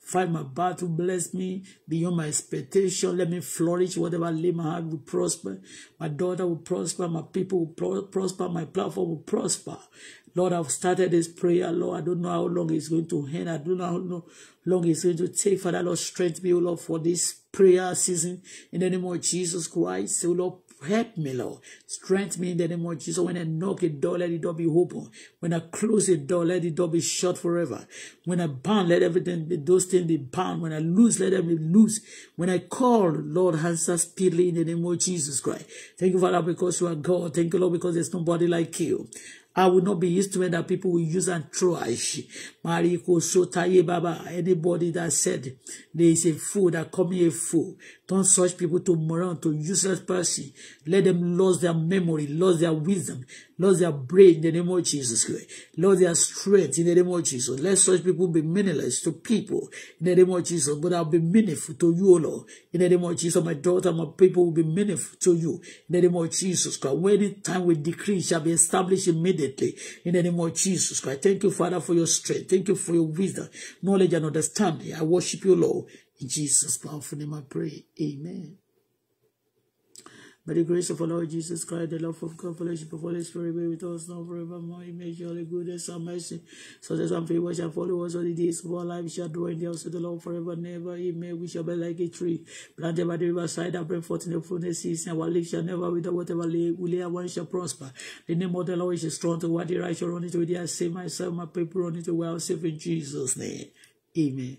Fight my battle, bless me beyond my expectation. Let me flourish. Whatever I lay my heart will prosper. My daughter will prosper. My people will pro prosper. My platform will prosper. Lord, I've started this prayer, Lord. I don't know how long it's going to end. I don't know how long it's going to take. Father, Lord, strengthen me, Lord, for this prayer season. In the name of Jesus Christ, O Lord, Help me, Lord. Strengthen me in the name of Jesus. When I knock a door, let it door be open. When I close a door, let it door be shut forever. When I bound, let everything be, those things be bound. When I lose, let them be loose. When I call, Lord, answer speedily in the name of Jesus Christ. Thank you, Father, because you are God. Thank you, Lord, because there's nobody like you. I will not be used to it that people will use and trash. Mariko Shotaye Baba, anybody that said there is a fool that coming a fool, turn such people to moron, to useless person. Let them lose their memory, lose their wisdom, lose their brain in the name of Jesus Christ, lose their strength in the name of Jesus. Let such people be meaningless to people in the name of Jesus, but I'll be meaningful to you, Lord, in the name of Jesus. My daughter, my people will be meaningful to you in the name of Jesus Christ. When the time we decree shall be established immediately in the name of Jesus Christ. Thank you, Father, for your strength. Thank you for your wisdom, knowledge, and understanding. I worship you, Lord. In Jesus' powerful name I pray. Amen. By the grace of our Lord Jesus Christ, the love of God, fellowship of Holy Spirit be with us now forevermore. It may surely goodness and mercy, that some people shall follow us all the days of our life. We shall dwell in the house of the Lord forever and ever. Amen. We shall be like a tree planted by the riverside that bring forth in the fullness season. Our life shall never wither, whatever lay, we lay our shall prosper. The name of the Lord is strong to what the righteous run into. They are say myself, my people run into well, safe in Jesus' name. Amen.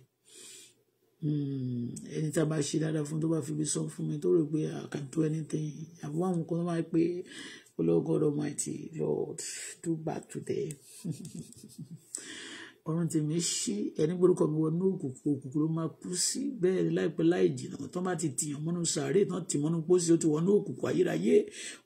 Hmm, ẹni tí a bá ṣe dáadáa fún tó bá fi bí sọ fún mi tó rò pé I can do anything àbúrò àwọn kan tó máa pé olóò oh God Almighty Lord do back to them ọ̀run tèmi ṣí ẹni gbórúkọ mi wọnú òkùnkùn òkùnkùn ló máa kú sí bẹ́ẹ̀ ni láìpẹ́ láì jìnnà tó bá ti tìyàn mọ́nú sàárè tán tì mọ́nú pósí ó ti wọnú òkùnkùn ayérayé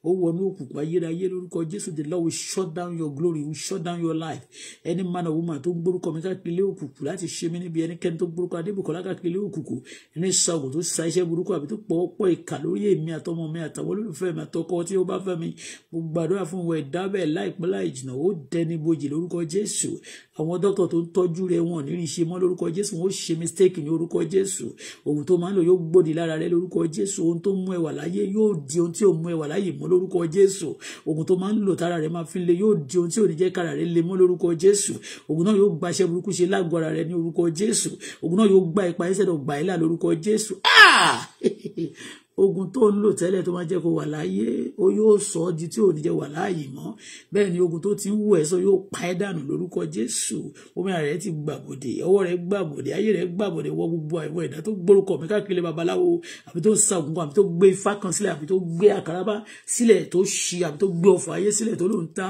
ó wọnú òkùnkùn ayérayé lórúkọ jésù the Lord will shut down your glory will shut down your life any man or woman tó gbórúkọ mi káàkiri ilé òkùnkùn láti ṣe mí níbi ẹnikẹ́ni tó gbórúkọ adébùkọ́lá káàkiri ilé òkùnkùn ẹni sọ̀gùn tó sa iṣẹ́ burúkú mi àtàwọn mi àtọkọ tí ó bá fẹ́ mi mo gbàdúrà fún wọn ẹ̀dá bẹ́ẹ̀ láìpẹ́ láì jìnnà ó dẹni tó ń tọ́jú rẹ wọn ní ríṣe mọ́ lórúkọ jésù wọn ó ṣe mistake ní orúkọ jésù ohun tó máa ń lò yóò gbòdì lára rẹ lórúkọ jésù ohun tó mú ẹwà láyé yóò di ohun tí ò mú ẹwà láyé mọ́ lórúkọ jésù ohun tó máa ń lò tára rẹ máa fi le yóò di ohun tí ò ní jẹ́ kára rẹ le mọ́ lórúkọ jésù ohun náà yóò gbaṣẹ́ burúkú ṣe lágọ̀ọ́ ara rẹ ní orúkọ jésù ohun náà yóò gba ipa ẹsẹ̀ ogun tó ń lò tẹ́lẹ̀ tó máa jẹ́ kó wà láàyè ó yóò sọ ọ́ di tí ò ní jẹ́ wà láàyè mọ́ bẹ́ẹ̀ ni ogun tó ti ń wù ẹ́ sọ yóò pa ẹ́ dànù lórúkọ Jésù omi rẹ̀ ti gbàbòdè ọwọ́ rẹ̀ gbàbòdè ayé rẹ̀ gbàbòdè wọ gbogbo àwọn ẹ̀dá tó gbórúkọ mi káàkiri babaláwo àbí tó sa ogun kan àbí tó gbé ifá kan sílẹ̀ àbí tó gbé àkàràbà sílẹ̀ tó ṣi àbí tó gbé ọfọ̀ ayé sílẹ̀ tó ló ń ta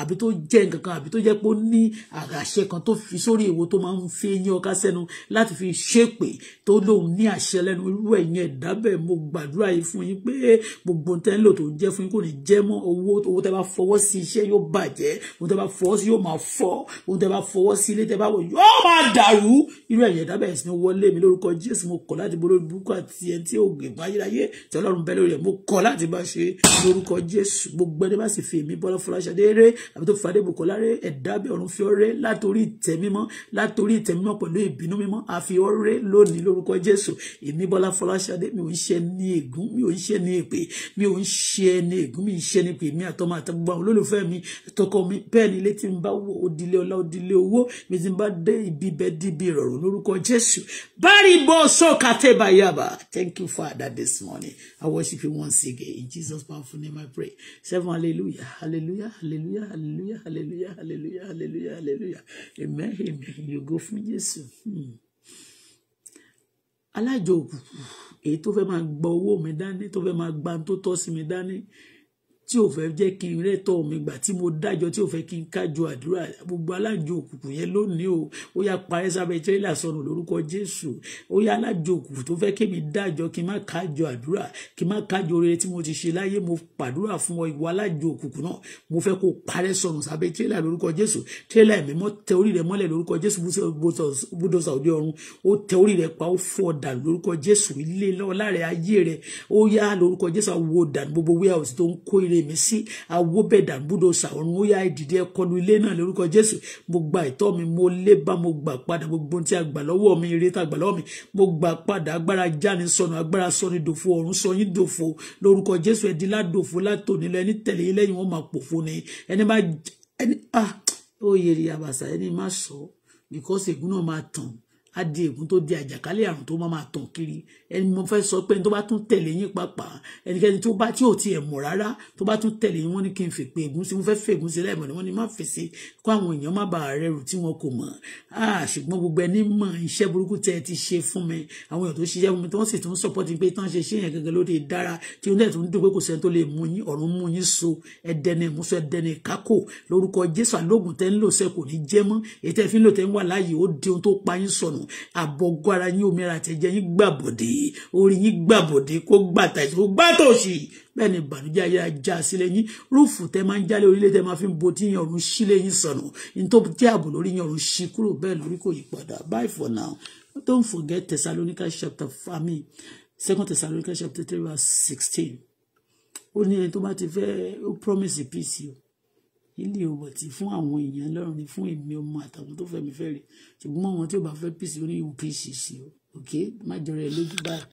àbí tó tó jẹ́ pé ó ní àṣẹ kan tó fi sórí èwo tó máa ń fi eyín ọká sẹ́nu láti fi ṣépè tó lóun ní àṣẹ lẹ́nu irú ẹ̀yin ẹ̀dá bẹ́ẹ̀ mo gbàdúrà yìí fún yín pé gbogbo tẹ́ ń lò tó ń jẹ́ fún yín kò ní jẹ́ mọ́ owó owó tẹ́ bá fọwọ́ sí iṣẹ́ yóò bàjẹ́ owó tẹ́ bá fọwọ́ sí yóò máa fọ́ owó tẹ́ bá fọwọ́ sí ilé tẹ́ bá wọ̀ yóò máa dàrú irú ẹ̀yin ẹ̀dá bẹ́ẹ̀ sì ni wọlé mi lórúkọ Jésù mo kọ̀ láti borí burúkú àti ẹni tí ògè fún ayérayé tí Ọlọ́run bẹ́ lórí rẹ̀ mo kọ̀ láti bá ṣe lórúkọ Jésù gbogbo ẹni bá sì fi èmi Bọ́lá Fọláṣadé ré àbí tó fàdé bùkọ́lá ré ẹ̀dá bí ọ̀run fi ọrẹ látòrí ìtẹ́ mímọ́ látòrí ìtẹ́ mímọ́ pẹ̀lú ìbínú mímọ́ àfi ọrẹ lónìí lórúkọ Jésù èmi Bọ́lá Fọláṣadé mi ò ń ṣe ní ègún mi ò ń ṣe ní èpè mi ò ń ṣe ní ègún mi ń ṣe ní èpè mi àtọmọ àtọgbọ olólùfẹ́ mi tọkọ mi bẹ́ẹ̀ ni ilé tí ń bá wọ òdìlé ọlá òdìlé owó mi ti ń bá dé ibi bẹ́ẹ̀ díbi ìrọ̀rùn lórúkọ Jésù bari bo so katebayaba thank you Father this morning I worship you once again in Jesus powerful name I pray seven hallelujah hallelujah hallelujah hallelujah hallelujah hallelujah hallelujah hallelujah hallelujah amen amen yògo fún Jésù hmm. alájọ òkùnkùn èyí tó fẹ́ máa gba owó mi dání tó fẹ́ máa gba tó tọ́ sí mi dání tí ò fẹ́ jẹ́ kí n rẹ́tọ̀ mi gbà tí mo dájọ́ tí ò fẹ́ kí n kájọ àdúrà gbogbo alájò òkùnkùn yẹn lónìí o ó yá parẹ́ sábẹ́ tírélà sọnù lórúkọ Jésù ó yá alájò òkùnkùn tó fẹ́ kémi dájọ́ kí n má kájọ àdúrà kí n má kájọ rere tí mo ti ṣe láyé mo pàdúrà fún ọ ìwọ alájò òkùnkùn náà mo fẹ́ kó parẹ́ sọnù sábẹ́ tírélà lórúkọ Jésù tírélà ẹ̀mí mọ́ tẹ orí rẹ mọ́lẹ̀ lórúkọ Jésù búdọ̀sà òde ọ̀run ayé mi sí awóbẹ̀dà búdòsà ọ̀run ó yá ìdìde ẹkọnu ilé náà lórúkọ jésù mo gba ìtọ́ mi mo lé bá mo gbà padà gbogbo tí a gbà lọ́wọ́ mi ire tá a gbà lọ́wọ́ mi mo gbà padà agbára jáni sọnù agbára sọni dòfo ọ̀run sọyìn dòfo lórúkọ jésù ẹ̀dí ládòfo látòní lọ tẹ̀lé lẹ́yìn wọn máa pòfo ni ẹni máa ẹni ah ó yẹri àbàṣà ẹni má sọ because ègún náà máa tàn á di ègún tó di àjàkálẹ̀ àrùn tó máa tàn kiri ẹni mo fẹ́ sọ pé ẹni tó bá tún tẹ̀lé yín pàápàá ẹnikẹ́ni tó bá tí ò tiẹ̀ mọ̀ rárá tó bá tún tẹ̀lé yín wọ́n ní kí n fèpè ègún sí mo fẹ́ fègún sí láìmọ̀ ni wọ́n ní má fèsì kó àwọn èèyàn má bàa rẹrù tí wọn kò mọ̀ ṣùgbọ́n gbogbo ẹni mọ̀ iṣẹ́ burúkú tẹ́ ẹ ti ṣe fún mi àwọn èèyàn tó ṣiṣẹ́ fún mi tí wọ́n sì tún sọ̀pọ́tì pé tán ṣe ṣe yẹn gẹ́gẹ́ ló dé dára tí wọ́n dẹ̀ tún dùn pé kò sẹ́ni tó lè mú yín ọ̀run mú yín so ẹ̀dẹ̀nẹ̀ ìmúṣọ ẹ̀dẹ̀nẹ̀ kákò lórúkọ Jésù alógun tẹ́ ń lò sẹ́ kò ní jẹ́ mọ́ èyí tẹ́ fi ń lò tẹ́ ń wà láàyè àbọ̀gọ́ ara yín omi ara àtẹ̀jẹ́ yín gbàbọ̀dé orí yín gbàbọ̀dé kó gbàtà ìṣòro gbàtòṣì bẹ́ẹ̀ ni ìbànújẹ́ ayé ajá sílẹ̀ yín rúùfù tẹ́ máa ń jálé orílẹ̀ tẹ́ máa fi ń bo tí yín ọ̀run sílẹ̀ yín sọ̀nà ní tó jẹ́ ààbò lórí yín ọ̀run sí kúrò bẹ́ẹ̀ lórí kò yí padà bye for now don't forget Thessalonians chapter I mean second Thessalonians chapter 3 verse 16. ó ní ẹni tó bá ti fẹ́ promise peace you ilé òwòtí fún àwọn èèyàn lọ́rùn ni fún èmi ọmọ àtàwọn tó fẹ́ mi fẹ́ rè ṣùgbọ́n àwọn tí ò bá fẹ́ pèsè ó ní ìwò kì í ṣèṣe o okay má jọrọ lójú báyìí